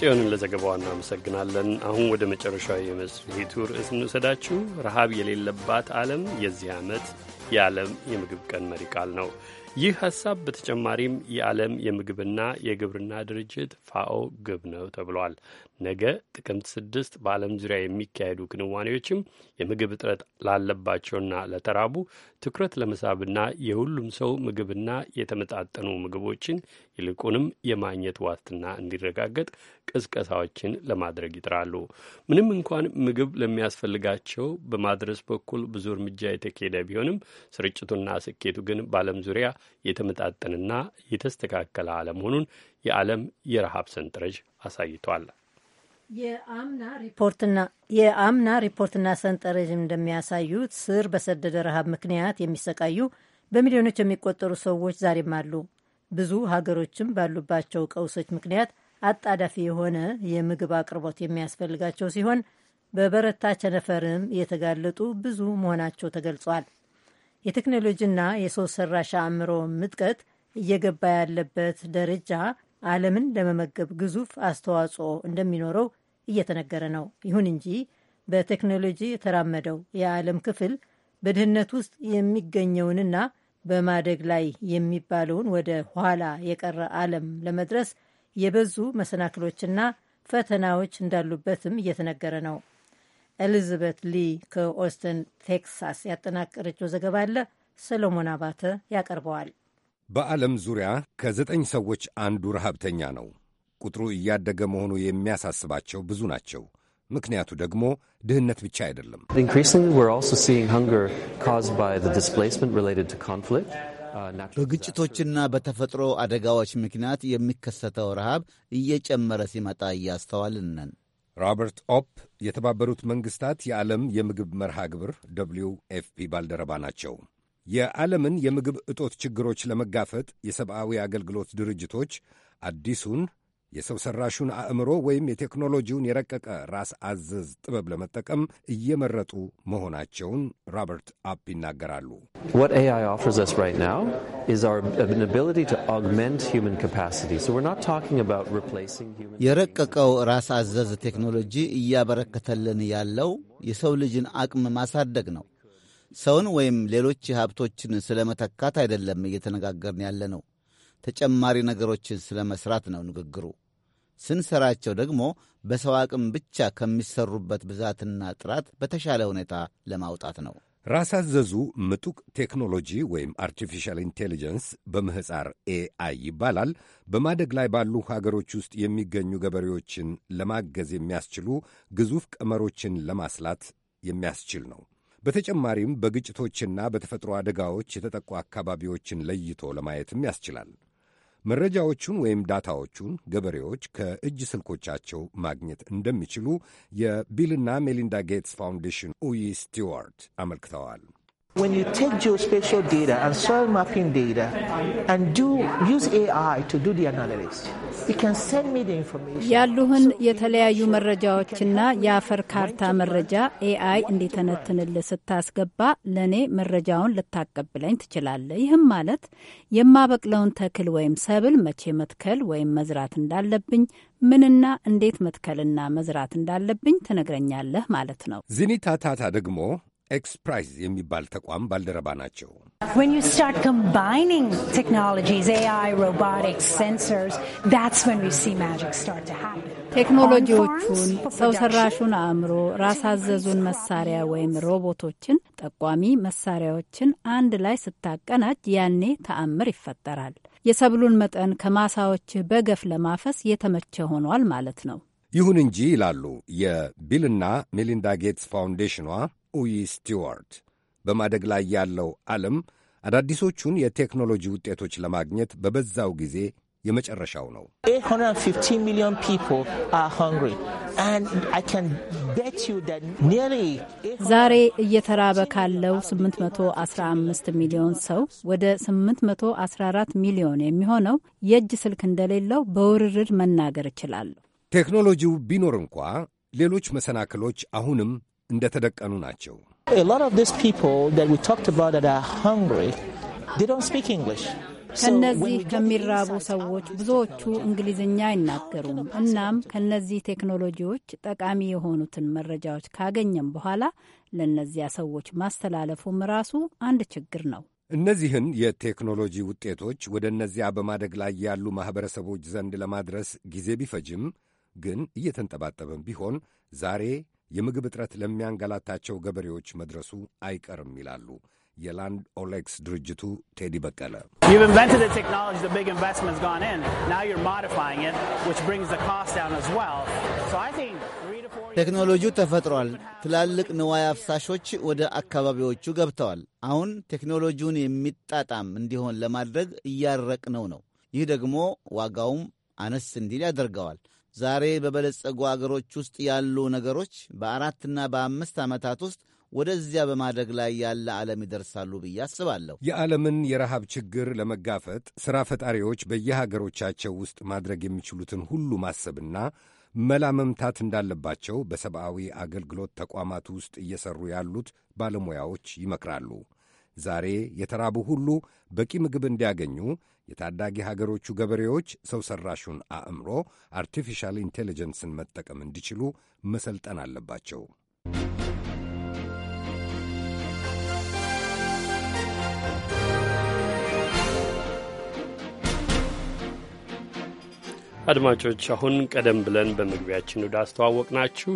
[SPEAKER 1] ጽዮንን ለዘገባዋ እናመሰግናለን። አሁን ወደ መጨረሻዊ የመጽሔቱ ርዕስ እንውሰዳችሁ። ረሃብ የሌለባት ዓለም የዚህ ዓመት የዓለም የምግብ ቀን መሪ ቃል ነው። ይህ ሀሳብ በተጨማሪም የዓለም የምግብና የግብርና ድርጅት ፋኦ ግብ ነው ተብሏል። ነገ ጥቅምት ስድስት በዓለም ዙሪያ የሚካሄዱ ክንዋኔዎችም የምግብ እጥረት ላለባቸውና ለተራቡ ትኩረት ለመሳብና የሁሉም ሰው ምግብና የተመጣጠኑ ምግቦችን ይልቁንም የማግኘት ዋስትና እንዲረጋገጥ ቅስቀሳዎችን ለማድረግ ይጥራሉ። ምንም እንኳን ምግብ ለሚያስፈልጋቸው በማድረስ በኩል ብዙ እርምጃ የተካሄደ ቢሆንም ስርጭቱና ስኬቱ ግን በዓለም ዙሪያ የተመጣጠንና የተስተካከለ አለመሆኑን የዓለም የረሃብ ሰንጠረዥ አሳይቷል።
[SPEAKER 2] የአምና ሪፖርትና ሰንጠረዥ እንደሚያሳዩት ስር በሰደደ ረሃብ ምክንያት የሚሰቃዩ በሚሊዮኖች የሚቆጠሩ ሰዎች ዛሬም አሉ። ብዙ ሀገሮችም ባሉባቸው ቀውሶች ምክንያት አጣዳፊ የሆነ የምግብ አቅርቦት የሚያስፈልጋቸው ሲሆን በበረታ ቸነፈርም የተጋለጡ ብዙ መሆናቸው ተገልጿል። የቴክኖሎጂና የሰው ሰራሽ አእምሮ ምጥቀት እየገባ ያለበት ደረጃ ዓለምን ለመመገብ ግዙፍ አስተዋጽኦ እንደሚኖረው እየተነገረ ነው። ይሁን እንጂ በቴክኖሎጂ የተራመደው የዓለም ክፍል በድህነት ውስጥ የሚገኘውንና በማደግ ላይ የሚባለውን ወደ ኋላ የቀረ ዓለም ለመድረስ የበዙ መሰናክሎችና ፈተናዎች እንዳሉበትም እየተነገረ ነው። ኤሊዝቤት ሊ ከኦስተን ቴክሳስ ያጠናቀረችው ዘገባ አለ። ሰሎሞን አባተ ያቀርበዋል።
[SPEAKER 9] በዓለም ዙሪያ ከዘጠኝ ሰዎች አንዱ ረሃብተኛ ነው። ቁጥሩ እያደገ መሆኑ የሚያሳስባቸው ብዙ ናቸው። ምክንያቱ ደግሞ ድህነት ብቻ አይደለም።
[SPEAKER 10] uh, በግጭቶችና በተፈጥሮ አደጋዎች ምክንያት የሚከሰተው ረሃብ እየጨመረ ሲመጣ እያስተዋልን ነን። ሮበርት ኦፕ የተባበሩት መንግሥታት የዓለም የምግብ መርሃ ግብር ደብሊው
[SPEAKER 9] ኤፍፒ ባልደረባ ናቸው። የዓለምን የምግብ እጦት ችግሮች ለመጋፈጥ የሰብአዊ አገልግሎት ድርጅቶች አዲሱን የሰው ሠራሹን አእምሮ ወይም የቴክኖሎጂውን የረቀቀ ራስ አዘዝ ጥበብ ለመጠቀም እየመረጡ መሆናቸውን ሮበርት አፕ ይናገራሉ።
[SPEAKER 1] የረቀቀው ራስ
[SPEAKER 10] አዘዝ ቴክኖሎጂ እያበረከተልን ያለው የሰው ልጅን አቅም ማሳደግ ነው። ሰውን ወይም ሌሎች ሀብቶችን ስለመተካት አይደለም እየተነጋገርን ያለ ነው። ተጨማሪ ነገሮችን ስለ መሥራት ነው ንግግሩ። ስንሰራቸው ደግሞ በሰው አቅም ብቻ ከሚሰሩበት ብዛትና ጥራት በተሻለ ሁኔታ ለማውጣት ነው።
[SPEAKER 9] ራስ አዘዙ ምጡቅ ቴክኖሎጂ ወይም አርቲፊሻል ኢንቴሊጀንስ በምህፃር ኤአይ ይባላል። በማደግ ላይ ባሉ ሀገሮች ውስጥ የሚገኙ ገበሬዎችን ለማገዝ የሚያስችሉ ግዙፍ ቀመሮችን ለማስላት የሚያስችል ነው። በተጨማሪም በግጭቶችና በተፈጥሮ አደጋዎች የተጠቁ አካባቢዎችን ለይቶ ለማየትም ያስችላል። መረጃዎቹን ወይም ዳታዎቹን ገበሬዎች ከእጅ ስልኮቻቸው ማግኘት እንደሚችሉ የቢልና ሜሊንዳ ጌትስ ፋውንዴሽን ኡይ ስቲዋርት
[SPEAKER 11] አመልክተዋል።
[SPEAKER 10] When you take geospatial data and soil mapping data and do
[SPEAKER 11] use AI to do the analysis,
[SPEAKER 6] ያሉህን የተለያዩ መረጃዎችና የአፈር ካርታ መረጃ ኤአይ እንዲተነትንልህ ስታስገባ ለእኔ መረጃውን ልታቀብለኝ ትችላለ ይህም ማለት የማበቅለውን ተክል ወይም ሰብል መቼ መትከል ወይም መዝራት እንዳለብኝ፣ ምንና እንዴት መትከልና መዝራት እንዳለብኝ ትነግረኛለህ ማለት ነው።
[SPEAKER 9] ዚኒታታታ ደግሞ ኤክስፕራይዝ የሚባል ተቋም ባልደረባ ናቸው።
[SPEAKER 6] ቴክኖሎጂዎቹን፣ ሰው ሰራሹን አእምሮ፣ ራስ አዘዙን መሳሪያ ወይም ሮቦቶችን፣ ጠቋሚ መሳሪያዎችን አንድ ላይ ስታቀናጅ ያኔ ተአምር ይፈጠራል። የሰብሉን መጠን ከማሳዎችህ በገፍ ለማፈስ የተመቸ ሆኗል ማለት ነው።
[SPEAKER 9] ይሁን እንጂ ይላሉ የቢልና ሜሊንዳ ጌትስ ፋውንዴሽኗ ኡይ ስቲዋርት በማደግ ላይ ያለው ዓለም አዳዲሶቹን የቴክኖሎጂ ውጤቶች ለማግኘት በበዛው ጊዜ የመጨረሻው ነው።
[SPEAKER 6] ዛሬ እየተራበ ካለው 815 ሚሊዮን ሰው ወደ 814 ሚሊዮን የሚሆነው የእጅ ስልክ እንደሌለው በውርርድ መናገር እችላለሁ።
[SPEAKER 9] ቴክኖሎጂው ቢኖር እንኳ ሌሎች መሰናክሎች አሁንም እንደተደቀኑ ናቸው።
[SPEAKER 6] ከነዚህ ከሚራቡ ሰዎች ብዙዎቹ እንግሊዝኛ አይናገሩም። እናም ከነዚህ ቴክኖሎጂዎች ጠቃሚ የሆኑትን መረጃዎች ካገኘም በኋላ ለእነዚያ ሰዎች ማስተላለፉም ራሱ አንድ ችግር ነው።
[SPEAKER 9] እነዚህን የቴክኖሎጂ ውጤቶች ወደ እነዚያ በማደግ ላይ ያሉ ማኅበረሰቦች ዘንድ ለማድረስ ጊዜ ቢፈጅም ግን እየተንጠባጠበም ቢሆን ዛሬ የምግብ እጥረት ለሚያንገላታቸው ገበሬዎች መድረሱ አይቀርም ይላሉ የላንድ ኦሌክስ ድርጅቱ ቴዲ በቀለ።
[SPEAKER 10] ቴክኖሎጂው ተፈጥሯል። ትላልቅ ንዋይ አፍሳሾች ወደ አካባቢዎቹ ገብተዋል። አሁን ቴክኖሎጂውን የሚጣጣም እንዲሆን ለማድረግ እያረቅነው ነው። ይህ ደግሞ ዋጋውም አነስ እንዲል ያደርገዋል። ዛሬ በበለጸጉ አገሮች ውስጥ ያሉ ነገሮች በአራትና በአምስት ዓመታት ውስጥ ወደዚያ በማደግ ላይ ያለ ዓለም ይደርሳሉ ብዬ አስባለሁ።
[SPEAKER 9] የዓለምን የረሃብ ችግር ለመጋፈጥ ሥራ ፈጣሪዎች በየሀገሮቻቸው ውስጥ ማድረግ የሚችሉትን ሁሉ ማሰብና መላ መምታት እንዳለባቸው በሰብአዊ አገልግሎት ተቋማት ውስጥ እየሠሩ ያሉት ባለሙያዎች ይመክራሉ። ዛሬ የተራቡ ሁሉ በቂ ምግብ እንዲያገኙ የታዳጊ ሀገሮቹ ገበሬዎች ሰው ሰራሹን አእምሮ አርቲፊሻል ኢንቴሊጀንስን መጠቀም እንዲችሉ መሰልጠን አለባቸው።
[SPEAKER 1] አድማጮች አሁን ቀደም ብለን በመግቢያችን ወደ ናችሁ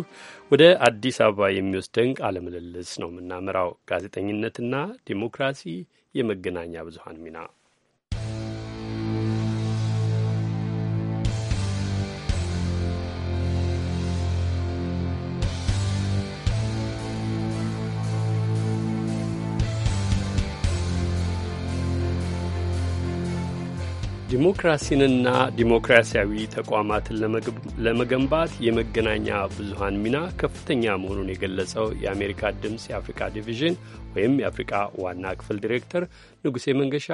[SPEAKER 1] ወደ አዲስ አበባ የሚወስደን ቃለ ምልልስ ነው የምናመራው። ጋዜጠኝነትና ዲሞክራሲ የመገናኛ ብዙሀን ሚና ዲሞክራሲንና ዲሞክራሲያዊ ተቋማትን ለመገንባት የመገናኛ ብዙሀን ሚና ከፍተኛ መሆኑን የገለጸው የአሜሪካ ድምፅ የአፍሪካ ዲቪዥን ወይም የአፍሪቃ ዋና ክፍል ዲሬክተር ንጉሴ መንገሻ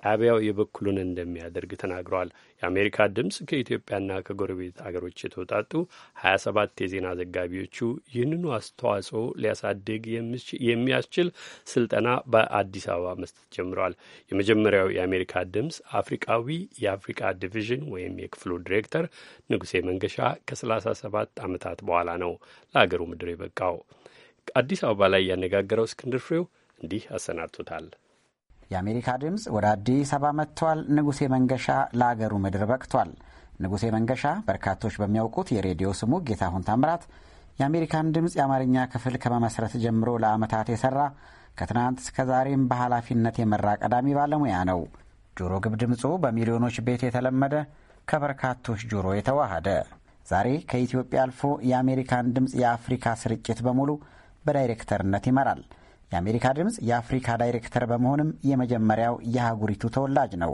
[SPEAKER 1] ጣቢያው የበኩሉን እንደሚያደርግ ተናግረዋል። የአሜሪካ ድምፅ ከኢትዮጵያና ከጎረቤት አገሮች የተውጣጡ 27 የዜና ዘጋቢዎቹ ይህንኑ አስተዋጽኦ ሊያሳድግ የሚያስችል ስልጠና በአዲስ አበባ መስጠት ጀምረዋል። የመጀመሪያው የአሜሪካ ድምፅ አፍሪቃዊ የአፍሪቃ ዲቪዥን ወይም የክፍሉ ዲሬክተር ንጉሴ መንገሻ ከ37 ዓመታት በኋላ ነው ለአገሩ ምድር የበቃው። አዲስ አበባ ላይ ያነጋገረው እስክንድር ፍሬው እንዲህ አሰናድቶታል።
[SPEAKER 12] የአሜሪካ ድምፅ ወደ አዲስ አበባ መጥቷል። ንጉሴ መንገሻ ለአገሩ ምድር በቅቷል። ንጉሴ መንገሻ በርካቶች በሚያውቁት የሬዲዮ ስሙ ጌታሁን ታምራት የአሜሪካን ድምፅ የአማርኛ ክፍል ከመመስረት ጀምሮ ለዓመታት የሠራ ከትናንት እስከ ዛሬም በኃላፊነት የመራ ቀዳሚ ባለሙያ ነው። ጆሮ ግብ ድምፁ በሚሊዮኖች ቤት የተለመደ ከበርካቶች ጆሮ የተዋሃደ ዛሬ ከኢትዮጵያ አልፎ የአሜሪካን ድምፅ የአፍሪካ ስርጭት በሙሉ በዳይሬክተርነት ይመራል። የአሜሪካ ድምፅ የአፍሪካ ዳይሬክተር በመሆንም የመጀመሪያው የአህጉሪቱ ተወላጅ ነው።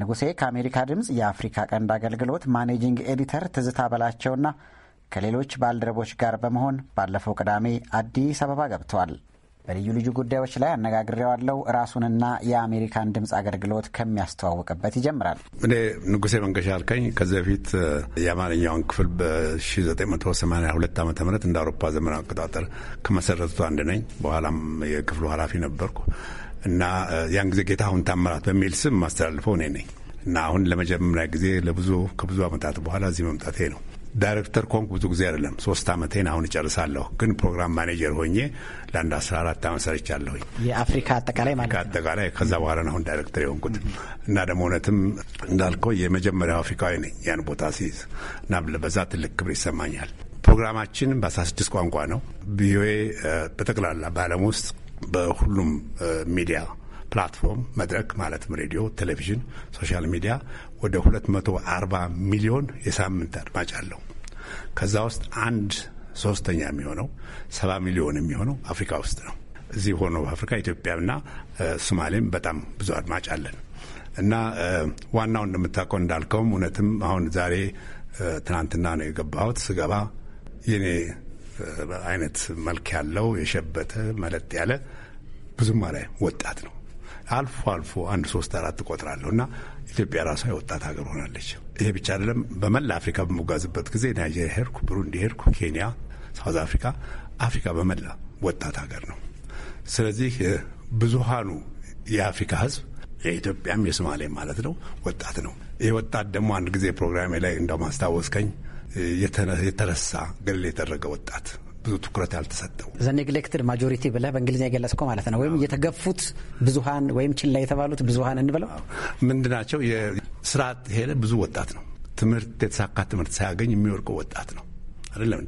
[SPEAKER 12] ንጉሴ ከአሜሪካ ድምፅ የአፍሪካ ቀንድ አገልግሎት ማኔጂንግ ኤዲተር ትዝታ በላቸውና ከሌሎች ባልደረቦች ጋር በመሆን ባለፈው ቅዳሜ አዲስ አበባ ገብተዋል። በልዩ ልዩ ጉዳዮች ላይ አነጋግሬዋለሁ። ራሱንና የአሜሪካን ድምፅ አገልግሎት ከሚያስተዋውቅበት ይጀምራል።
[SPEAKER 5] እኔ ንጉሴ መንገሻ አልከኝ ከዚህ በፊት የአማርኛውን ክፍል በ1982 ዓ ም እንደ አውሮፓ ዘመን አቆጣጠር ከመሰረቱት አንድ ነኝ። በኋላም የክፍሉ ኃላፊ ነበርኩ እና ያን ጊዜ ጌታሁን ታምራት በሚል ስም ማስተላልፈው እኔ ነኝ እና አሁን ለመጀመሪያ ጊዜ ለብዙ ከብዙ ዓመታት በኋላ እዚህ መምጣቴ ነው። ዳይሬክተር ኮንኩ ብዙ ጊዜ አይደለም፣ ሶስት አመቴን አሁን እጨርሳለሁ። ግን ፕሮግራም ማኔጀር ሆኜ ለአንድ አስራ አራት አመት ሰርቻለሁኝ የአፍሪካ አጠቃላይ ማለት ነው አጠቃላይ። ከዛ በኋላ አሁን ዳይሬክተር የሆንኩት እና ደግሞ እውነትም እንዳልከው የመጀመሪያው አፍሪካዊ ነኝ ያን ቦታ ሲይዝ እና በዛ ትልቅ ክብር ይሰማኛል። ፕሮግራማችን በ16 ቋንቋ ነው። ቪኦኤ በጠቅላላ በዓለም ውስጥ በሁሉም ሚዲያ ፕላትፎርም መድረክ ማለትም ሬዲዮ፣ ቴሌቪዥን፣ ሶሻል ሚዲያ ወደ 240 ሚሊዮን የሳምንት አድማጭ አለው። ከዛ ውስጥ አንድ ሶስተኛ የሚሆነው ሰባ ሚሊዮን የሚሆነው አፍሪካ ውስጥ ነው። እዚህ ሆኖ በአፍሪካ ኢትዮጵያና ሶማሌም በጣም ብዙ አድማጭ አለን እና ዋናው እንደምታውቀው እንዳልከውም እውነትም አሁን ዛሬ ትናንትና ነው የገባሁት። ስገባ የኔ አይነት መልክ ያለው የሸበተ መለጥ ያለ ብዙም አላይ ወጣት ነው አልፎ አልፎ አንድ ሶስት አራት እቆጥራለሁ እና ኢትዮጵያ ራሷ የወጣት ሀገር ሆናለች። ይሄ ብቻ አይደለም። በመላ አፍሪካ በምጓዝበት ጊዜ ናይጄሪያ ሄድኩ፣ ብሩንዲ ሄድኩ፣ ኬንያ፣ ሳውዝ አፍሪካ፣ አፍሪካ በመላ ወጣት ሀገር ነው። ስለዚህ ብዙሃኑ የአፍሪካ ህዝብ የኢትዮጵያም የሶማሌ ማለት ነው ወጣት ነው። ይህ ወጣት ደግሞ አንድ ጊዜ ፕሮግራሜ ላይ እንደማስታወስከኝ የተረሳ ገለል የተደረገ ወጣት ብዙ ትኩረት ያልተሰጠው
[SPEAKER 12] ኔግሌክትድ ማጆሪቲ ብለህ በእንግሊዝኛ የገለጽከው ማለት ነው። ወይም የተገፉት ብዙሀን ወይም ችላ የተባሉት ብዙሀን እንበለው
[SPEAKER 5] ምንድ ናቸው? ስርዓት ሄደ ብዙ ወጣት ነው። ትምህርት የተሳካ ትምህርት ሳያገኝ የሚወርቀው ወጣት ነው አይደለም።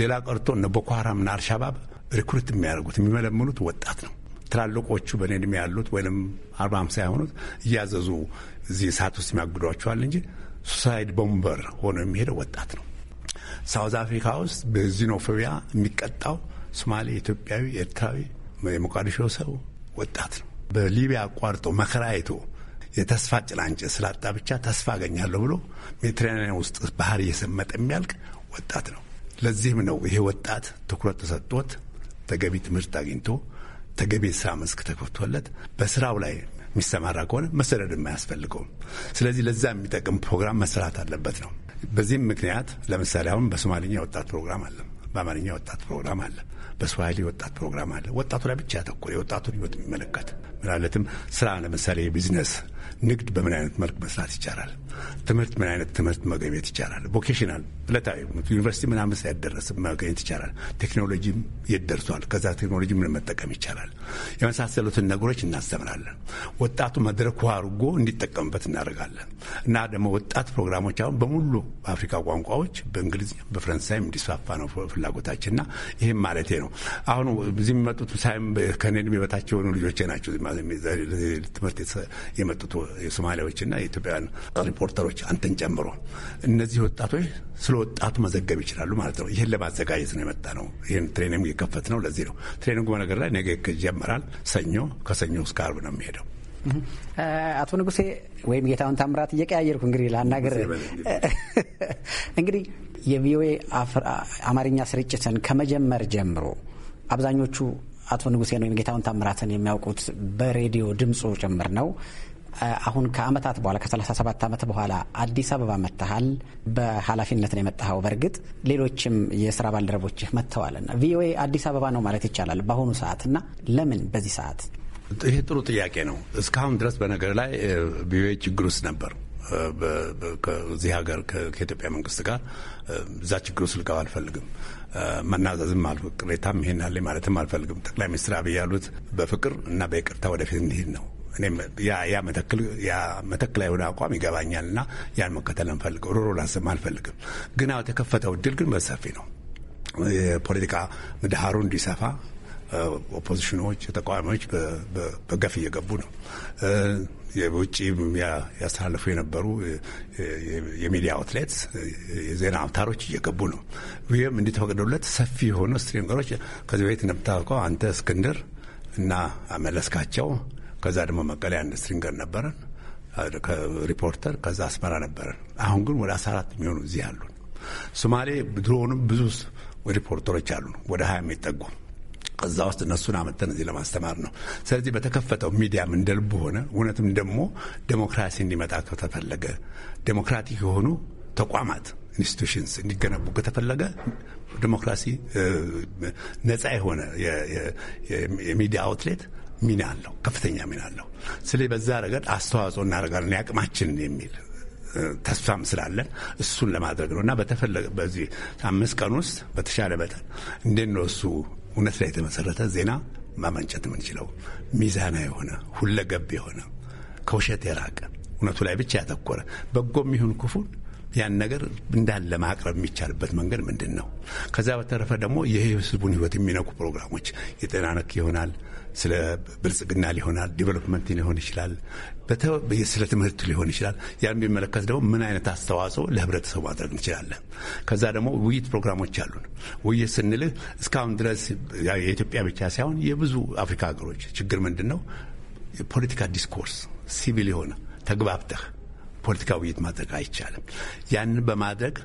[SPEAKER 5] ሌላ ቀርቶ እነ ቦኮ ሀራምና አልሻባብ ሪክሩት የሚያደርጉት የሚመለምሉት ወጣት ነው። ትላልቆቹ በእኔ ዕድሜ ያሉት ወይም አርባ ሃምሳ የሆኑት እያዘዙ እዚህ ሰዓት ውስጥ የሚያግዷቸዋል እንጂ ሱሳይድ ቦምበር ሆኖ የሚሄደው ወጣት ነው። ሳውዝ አፍሪካ ውስጥ በዚኖፎቢያ የሚቀጣው ሶማሌ፣ ኢትዮጵያዊ፣ ኤርትራዊ የሞቃዲሾ ሰው ወጣት ነው። በሊቢያ አቋርጦ መከራ አይቶ የተስፋ ጭላንጭ ስላጣ ብቻ ተስፋ አገኛለሁ ብሎ ሜዲትራኒያን ውስጥ ባህር እየሰመጠ የሚያልቅ ወጣት ነው። ለዚህም ነው ይሄ ወጣት ትኩረት ተሰጥቶት ተገቢ ትምህርት አግኝቶ ተገቢ የስራ መስክ ተከፍቶለት በስራው ላይ የሚሰማራ ከሆነ መሰደድ የማያስፈልገውም። ስለዚህ ለዛ የሚጠቅም ፕሮግራም መሰራት አለበት ነው። በዚህም ምክንያት ለምሳሌ አሁን በሶማሊኛ የወጣት ፕሮግራም አለ፣ በአማርኛ የወጣት ፕሮግራም አለ፣ በስዋሂሊ ወጣት ፕሮግራም አለ። ወጣቱ ላይ ብቻ ያተኮረ የወጣቱን ህይወት የሚመለከት ምናለትም ስራ ለምሳሌ የቢዝነስ ንግድ በምን አይነት መልክ መስራት ይቻላል? ትምህርት ምን አይነት ትምህርት መገኘት ይቻላል? ቮኬሽናል ዕለታዊ ዩኒቨርሲቲ ምናምን ሳይደረስ መገኘት ይቻላል። ቴክኖሎጂም የት ደርሷል? ከዛ ቴክኖሎጂ ምን መጠቀም ይቻላል? የመሳሰሉትን ነገሮች እናስተምራለን። ወጣቱ መድረኩ አድርጎ እንዲጠቀምበት እናደርጋለን እና ደግሞ ወጣት ፕሮግራሞች አሁን በሙሉ በአፍሪካ ቋንቋዎች በእንግሊዝ በፈረንሳይም እንዲስፋፋ ነው ፍላጎታችን። እና ይህም ማለቴ ነው። አሁን እዚህ የሚመጡት ሳይም ከኔ እድሜ በታች የሆኑ ልጆቼ ናቸው ትምህርት የመጡት የሶማሌዎችና የኢትዮጵያውያን ሪፖርተሮች አንተን ጨምሮ እነዚህ ወጣቶች ስለ ወጣቱ መዘገብ ይችላሉ ማለት ነው። ይህን ለማዘጋጀት ነው የመጣ ነው። ይህን ትሬኒንግ የከፈት ነው። ለዚህ ነው ትሬኒንጉ በነገር ላይ ነገ ይጀመራል። ሰኞ ከሰኞ እስከ አርብ ነው የሚሄደው።
[SPEAKER 12] አቶ ንጉሴ ወይም ጌታውን ታምራት እየቀያየርኩ እንግዲህ ላናገር እንግዲህ የቪኦኤ አማርኛ ስርጭትን ከመጀመር ጀምሮ አብዛኞቹ አቶ ንጉሴን ወይም ጌታውን ታምራትን የሚያውቁት በሬዲዮ ድምፁ ጭምር ነው። አሁን ከአመታት በኋላ ከ37 ዓመት በኋላ አዲስ አበባ መጥተሃል። በኃላፊነት ነው የመጣኸው። በእርግጥ ሌሎችም የስራ ባልደረቦችህ መጥተዋልና ቪኦኤ አዲስ አበባ ነው ማለት ይቻላል በአሁኑ ሰዓት እና ለምን በዚህ
[SPEAKER 5] ሰዓት? ይህ ጥሩ ጥያቄ ነው። እስካሁን ድረስ በነገር ላይ ቪኦኤ ችግር ውስጥ ነበር። ከዚህ ሀገር ከኢትዮጵያ መንግስት ጋር እዛ ችግር ውስጥ ልቀው አልፈልግም። መናዘዝም ቅሬታም ይሄን ያለ ማለትም አልፈልግም። ጠቅላይ ሚኒስትር አብይ ያሉት በፍቅር እና በይቅርታ ወደፊት እንዲሄድ ነው እኔም ያ መተክል የሆነ አቋም ይገባኛል እና ያን መከተል እንፈልግ ሮሮ ላስም አልፈልግም። ግን የተከፈተው እድል ግን በሰፊ ነው። የፖለቲካ ምህዳሩ እንዲሰፋ ኦፖዚሽኖች፣ ተቃዋሚዎች በገፍ እየገቡ ነው። የውጭ ያስተላለፉ የነበሩ የሚዲያ አውትሌትስ የዜና አውታሮች እየገቡ ነው። ይህም እንዲተፈቅዶለት ሰፊ የሆኑ ስትሪንገሮች ከዚህ በፊት እንደምታውቀው አንተ እስክንድር እና መለስካቸው ከዛ ደግሞ መቀሌ አንድ ስትሪንገር ነበረን ሪፖርተር፣ ከዛ አስመራ ነበረን። አሁን ግን ወደ አስራ አራት የሚሆኑ እዚህ አሉን። ሶማሌ ድሮውንም ብዙ ሪፖርተሮች አሉ ወደ ሀያ የሚጠጉ ከዛ ውስጥ እነሱን አመተን እዚህ ለማስተማር ነው። ስለዚህ በተከፈተው ሚዲያም እንደልቡ ሆነ። እውነትም ደግሞ ዴሞክራሲ እንዲመጣ ከተፈለገ ዴሞክራቲክ የሆኑ ተቋማት ኢንስቲቱሽንስ እንዲገነቡ ከተፈለገ ዴሞክራሲ ነፃ የሆነ የሚዲያ አውትሌት ሚና አለው፣ ከፍተኛ ሚና አለው። ስለዚህ በዛ ረገድ አስተዋጽኦ እናደርጋለን ያቅማችንን የሚል ተስፋም ስላለን እሱን ለማድረግ ነው እና በተፈለገ በዚህ አምስት ቀን ውስጥ በተሻለ መጠን እንዴት እሱ እውነት ላይ የተመሰረተ ዜና ማመንጨት የምንችለው ሚዛና የሆነ ሁለገብ የሆነ ከውሸት የራቀ እውነቱ ላይ ብቻ ያተኮረ በጎም ይሁን ክፉን ያን ነገር እንዳለ ማቅረብ የሚቻልበት መንገድ ምንድን ነው? ከዛ በተረፈ ደግሞ የህዝቡን ህይወት የሚነኩ ፕሮግራሞች የጤና ነክ ይሆናል ስለ ብልጽግና ሊሆናል፣ ዲቨሎፕመንት ሊሆን ይችላል፣ ስለ ትምህርት ሊሆን ይችላል። ያን ቢመለከት ደግሞ ምን አይነት አስተዋጽኦ ለህብረተሰቡ ማድረግ እንችላለን። ከዛ ደግሞ ውይይት ፕሮግራሞች አሉን። ውይይት ስንልህ እስካሁን ድረስ የኢትዮጵያ ብቻ ሳይሆን የብዙ አፍሪካ ሀገሮች ችግር ምንድን ነው? የፖለቲካ ዲስኮርስ ሲቪል የሆነ ተግባብተህ ፖለቲካ ውይይት ማድረግ አይቻልም። ያንን በማድረግ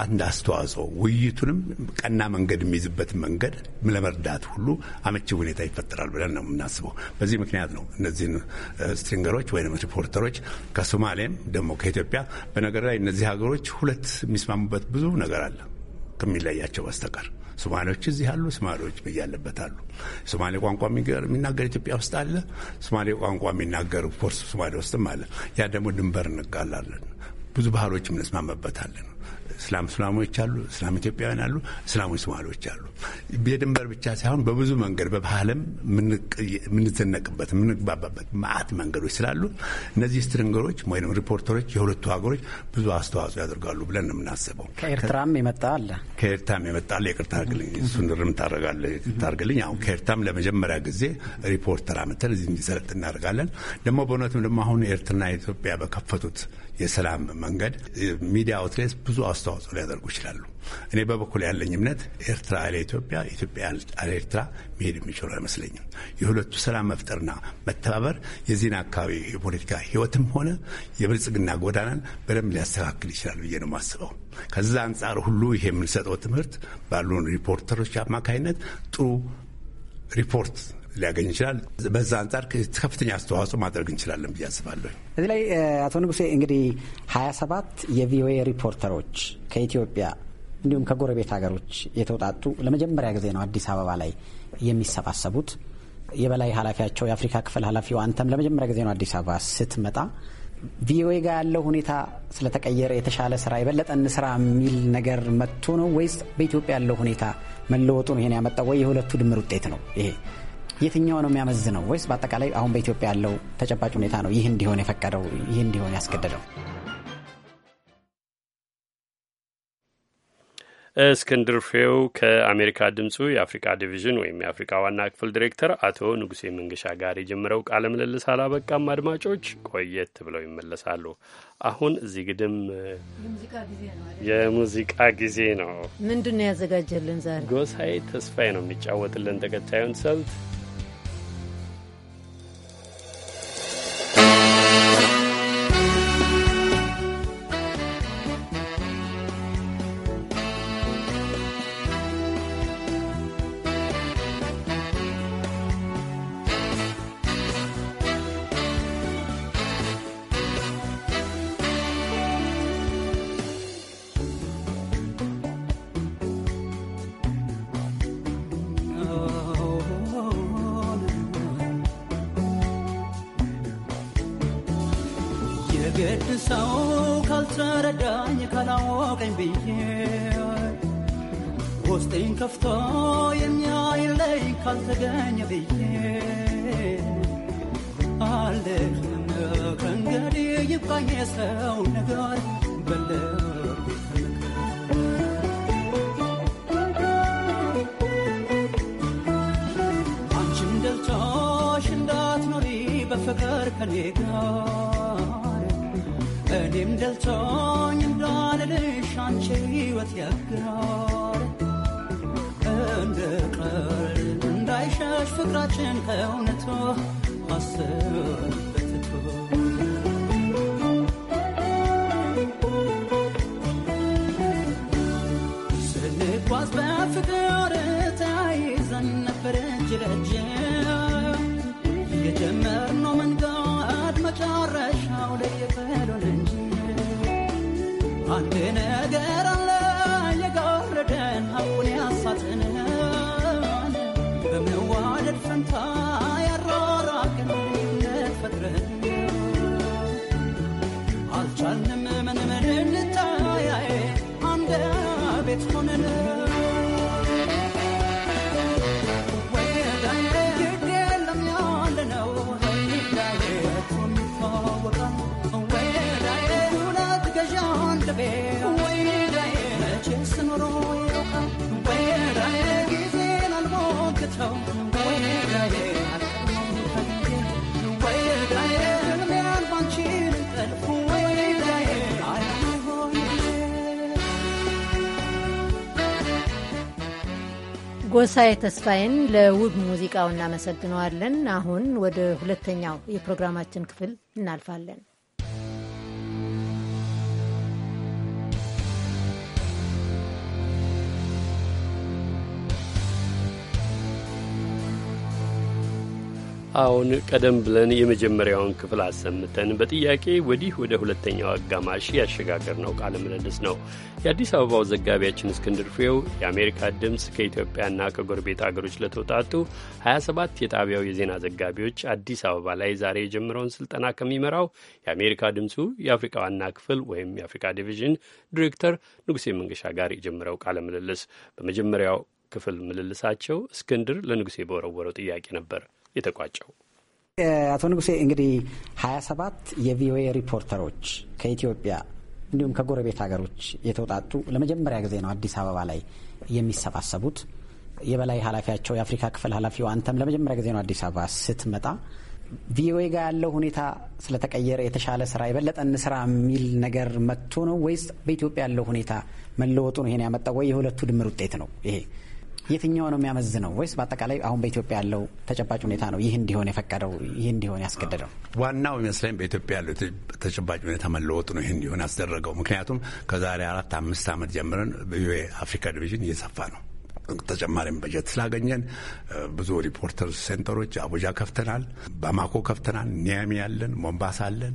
[SPEAKER 5] አንድ አስተዋጽኦ ውይይቱንም ቀና መንገድ የሚይዝበት መንገድ ለመርዳት ሁሉ አመቺ ሁኔታ ይፈጠራል ብለን ነው የምናስበው። በዚህ ምክንያት ነው እነዚህን ስትሪንገሮች ወይም ሪፖርተሮች ከሶማሌም ደግሞ ከኢትዮጵያ በነገር ላይ እነዚህ ሀገሮች ሁለት የሚስማሙበት ብዙ ነገር አለ ከሚለያቸው በስተቀር ሶማሌዎች እዚህ አሉ፣ ሶማሌዎች ብያለበት አሉ። ሶማሌ ቋንቋ የሚናገር ኢትዮጵያ ውስጥ አለ፣ ሶማሌ ቋንቋ የሚናገር ፖርስ ሶማሌ ውስጥም አለ። ያ ደግሞ ድንበር እንጋላለን፣ ብዙ ባህሎች እንስማማበታለን። እስላም እስላሞች አሉ፣ እስላም ኢትዮጵያውያን አሉ፣ እስላሞች ሶማሌዎች አሉ። የድንበር ብቻ ሳይሆን በብዙ መንገድ በባህልም የምንዘነቅበት የምንግባባበት ማአት መንገዶች ስላሉ እነዚህ ስትሪንገሮች ወይም ሪፖርተሮች የሁለቱ ሀገሮች ብዙ አስተዋጽኦ ያደርጋሉ ብለን ነው የምናስበው። ከኤርትራም የመጣ አለ፣ ከኤርትራም የመጣ አለ። ይቅርታ አድርግልኝ፣ እሱን ርም ታደርግልኝ። አሁን ከኤርትራም ለመጀመሪያ ጊዜ ሪፖርተር አምጥተን እዚህ እንዲሰለጥ እናደርጋለን። ደግሞ በእውነትም ደግሞ አሁን ኤርትራና ኢትዮጵያ በከፈቱት የሰላም መንገድ ሚዲያ አውትሌትስ ብዙ አስተዋጽኦ ሊያደርጉ ይችላሉ። እኔ በበኩል ያለኝ እምነት ኤርትራ ያለ ኢትዮጵያ ኤርትራ መሄድ የሚችሉ አይመስለኝም። የሁለቱ ሰላም መፍጠርና መተባበር የዚህን አካባቢ የፖለቲካ ህይወትም ሆነ የብልጽግና ጎዳናን በደንብ ሊያስተካክል ይችላል ብዬ ነው የማስበው። ከዛ አንጻር ሁሉ ይሄ የምንሰጠው ትምህርት ባሉን ሪፖርተሮች አማካኝነት ጥሩ ሪፖርት ሊያገኝ ይችላል። በዛ አንጻር ከፍተኛ አስተዋጽኦ ማድረግ እንችላለን ብዬ አስባለሁ።
[SPEAKER 12] እዚህ ላይ አቶ ንጉሴ እንግዲህ ሀያ ሰባት የቪኦኤ ሪፖርተሮች ከኢትዮጵያ እንዲሁም ከጎረቤት ሀገሮች የተውጣጡ ለመጀመሪያ ጊዜ ነው አዲስ አበባ ላይ የሚሰባሰቡት። የበላይ ኃላፊያቸው የአፍሪካ ክፍል ኃላፊው አንተም ለመጀመሪያ ጊዜ ነው አዲስ አበባ ስትመጣ ቪኦኤ ጋር ያለው ሁኔታ ስለተቀየረ የተሻለ ስራ የበለጠ ስራ የሚል ነገር መጥቶ ነው ወይስ በኢትዮጵያ ያለው ሁኔታ መለወጡ ነው ይሄን ያመጣው ወይ የሁለቱ ድምር ውጤት ነው ይሄ? የትኛው ነው የሚያመዝነው? ወይስ በአጠቃላይ አሁን በኢትዮጵያ ያለው ተጨባጭ ሁኔታ ነው ይህ እንዲሆን የፈቀደው ይህ እንዲሆን ያስገደደው?
[SPEAKER 1] እስክንድር ፍሬው ከአሜሪካ ድምፁ የአፍሪካ ዲቪዥን ወይም የአፍሪካ ዋና ክፍል ዲሬክተር አቶ ንጉሴ መንገሻ ጋር የጀመረው ቃለ ምልልስ አላበቃም። አድማጮች ቆየት ብለው ይመለሳሉ። አሁን እዚህ ግድም የሙዚቃ ጊዜ ነው።
[SPEAKER 2] ምንድን ነው ያዘጋጀልን
[SPEAKER 1] ዛሬ? ጎሳዬ ተስፋዬ ነው የሚጫወትልን ተከታዩን ሰልት
[SPEAKER 13] ይጎዳኝ ካላወቀኝ ብዬ ውስጤን ከፍቶ የሚያይለኝ ካልተገኘ ብዬ አልደክም ከእንግዲህ ይብቃኝ የሰው ነገር በለ
[SPEAKER 2] ጎሳዬ ተስፋዬን ለውብ ሙዚቃው እናመሰግነዋለን። አሁን ወደ ሁለተኛው የፕሮግራማችን ክፍል እናልፋለን።
[SPEAKER 1] አሁን ቀደም ብለን የመጀመሪያውን ክፍል አሰምተን በጥያቄ ወዲህ ወደ ሁለተኛው አጋማሽ ያሸጋገር ነው ቃለ ምልልስ ነው። የአዲስ አበባው ዘጋቢያችን እስክንድር ፍሬው የአሜሪካ ድምፅ ከኢትዮጵያና ከጎረቤት አገሮች ለተውጣጡ 27 የጣቢያው የዜና ዘጋቢዎች አዲስ አበባ ላይ ዛሬ የጀመረውን ስልጠና ከሚመራው የአሜሪካ ድምፁ የአፍሪካ ዋና ክፍል ወይም የአፍሪካ ዲቪዥን ዲሬክተር ንጉሴ መንገሻ ጋር የጀመረው ቃለ ምልልስ በመጀመሪያው ክፍል ምልልሳቸው እስክንድር ለንጉሴ በወረወረው ጥያቄ ነበር። የተቋጨው።
[SPEAKER 12] አቶ ንጉሴ እንግዲህ ሀያ ሰባት የቪኦኤ ሪፖርተሮች ከኢትዮጵያ እንዲሁም ከጎረቤት ሀገሮች የተውጣጡ ለመጀመሪያ ጊዜ ነው አዲስ አበባ ላይ የሚሰባሰቡት። የበላይ ኃላፊያቸው የአፍሪካ ክፍል ኃላፊው አንተም ለመጀመሪያ ጊዜ ነው አዲስ አበባ ስትመጣ ቪኦኤ ጋር ያለው ሁኔታ ስለተቀየረ የተሻለ ስራ የበለጠ እንስራ የሚል ነገር መጥቶ ነው ወይስ በኢትዮጵያ ያለው ሁኔታ መለወጡ ነው ይሄን ያመጣው? ወይ የሁለቱ ድምር ውጤት ነው ይሄ? የትኛው ነው የሚያመዝነው ወይስ በአጠቃላይ አሁን በኢትዮጵያ ያለው ተጨባጭ ሁኔታ ነው ይህ እንዲሆን የፈቀደው ይህ እንዲሆን ያስገደደው?
[SPEAKER 5] ዋናው ይመስለኝ በኢትዮጵያ ያለው ተጨባጭ ሁኔታ መለወጡ ነው ይህ እንዲሆን ያስደረገው። ምክንያቱም ከዛሬ አራት አምስት ዓመት ጀምረን በዩኤ አፍሪካ ዲቪዥን እየሰፋ ነው ተጨማሪም በጀት ስላገኘን ብዙ ሪፖርተር ሴንተሮች አቡጃ ከፍተናል፣ ባማኮ ከፍተናል፣ ኒያሚ አለን፣ ሞምባሳ አለን።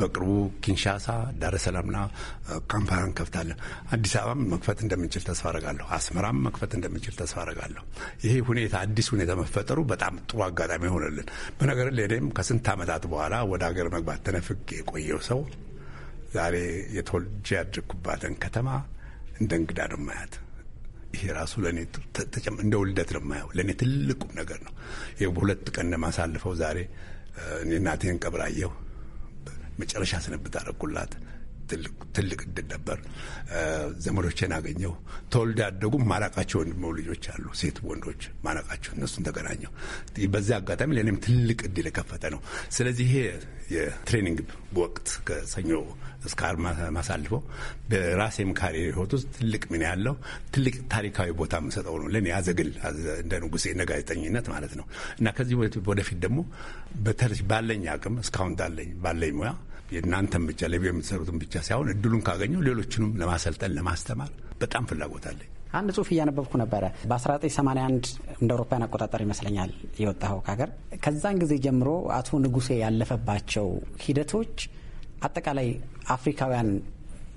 [SPEAKER 5] በቅርቡ ኪንሻሳ፣ ዳረሰላምና ካምፓላን ከፍታለን። አዲስ አበባም መክፈት እንደምንችል ተስፋ አረጋለሁ። አስመራም መክፈት እንደምንችል ተስፋ አረጋለሁ። ይሄ ሁኔታ አዲስ ሁኔታ መፈጠሩ በጣም ጥሩ አጋጣሚ ሆነልን። በነገር ለእኔም ከስንት ዓመታት በኋላ ወደ ሀገር መግባት ተነፍግ የቆየው ሰው ዛሬ የተወልጄ ያደግኩባትን ከተማ እንደ እንግዳ ነው ማያት። ይሄ ራሱ ለእኔ እንደ ውልደት ነው የማየው። ለእኔ ትልቁም ነገር ነው። ይኸው በሁለት ቀን እንደማሳልፈው ዛሬ እናቴን ቀብር ቀብራየሁ መጨረሻ ስንብት አደረኩላት። ትልቅ እድል ነበር። ዘመዶቼን አገኘው። ተወልደ ያደጉ ማላቃቸው ወንድመው ልጆች አሉ፣ ሴት ወንዶች ማላቃቸው፣ እነሱን ተገናኘው። በዚያ አጋጣሚ ለእኔም ትልቅ እድል የከፈተ ነው። ስለዚህ ይሄ የትሬኒንግ ወቅት ከሰኞ እስከ ዓርብ ማሳልፈው በራሴም ካሪ ህይወት ውስጥ ትልቅ ምን ያለው ትልቅ ታሪካዊ ቦታ የምሰጠው ነው ለእኔ አዘግል እንደ ንጉሴ እንደ ጋዜጠኝነት ማለት ነው እና ከዚህ ወደፊት ደግሞ ባለኝ አቅም እስካሁን ዳለኝ ባለኝ ሙያ የእናንተን ብቻ ለቢ የምትሰሩትን ብቻ ሳይሆን እድሉን ካገኘው ሌሎችንም ለማሰልጠን ለማስተማር በጣም ፍላጎት አለኝ።
[SPEAKER 12] አንድ ጽሁፍ እያነበብኩ ነበረ። በ1981 እንደ አውሮፓውያን አቆጣጠር ይመስለኛል የወጣኸው ከሀገር። ከዛን ጊዜ ጀምሮ አቶ ንጉሴ ያለፈባቸው ሂደቶች አጠቃላይ አፍሪካውያን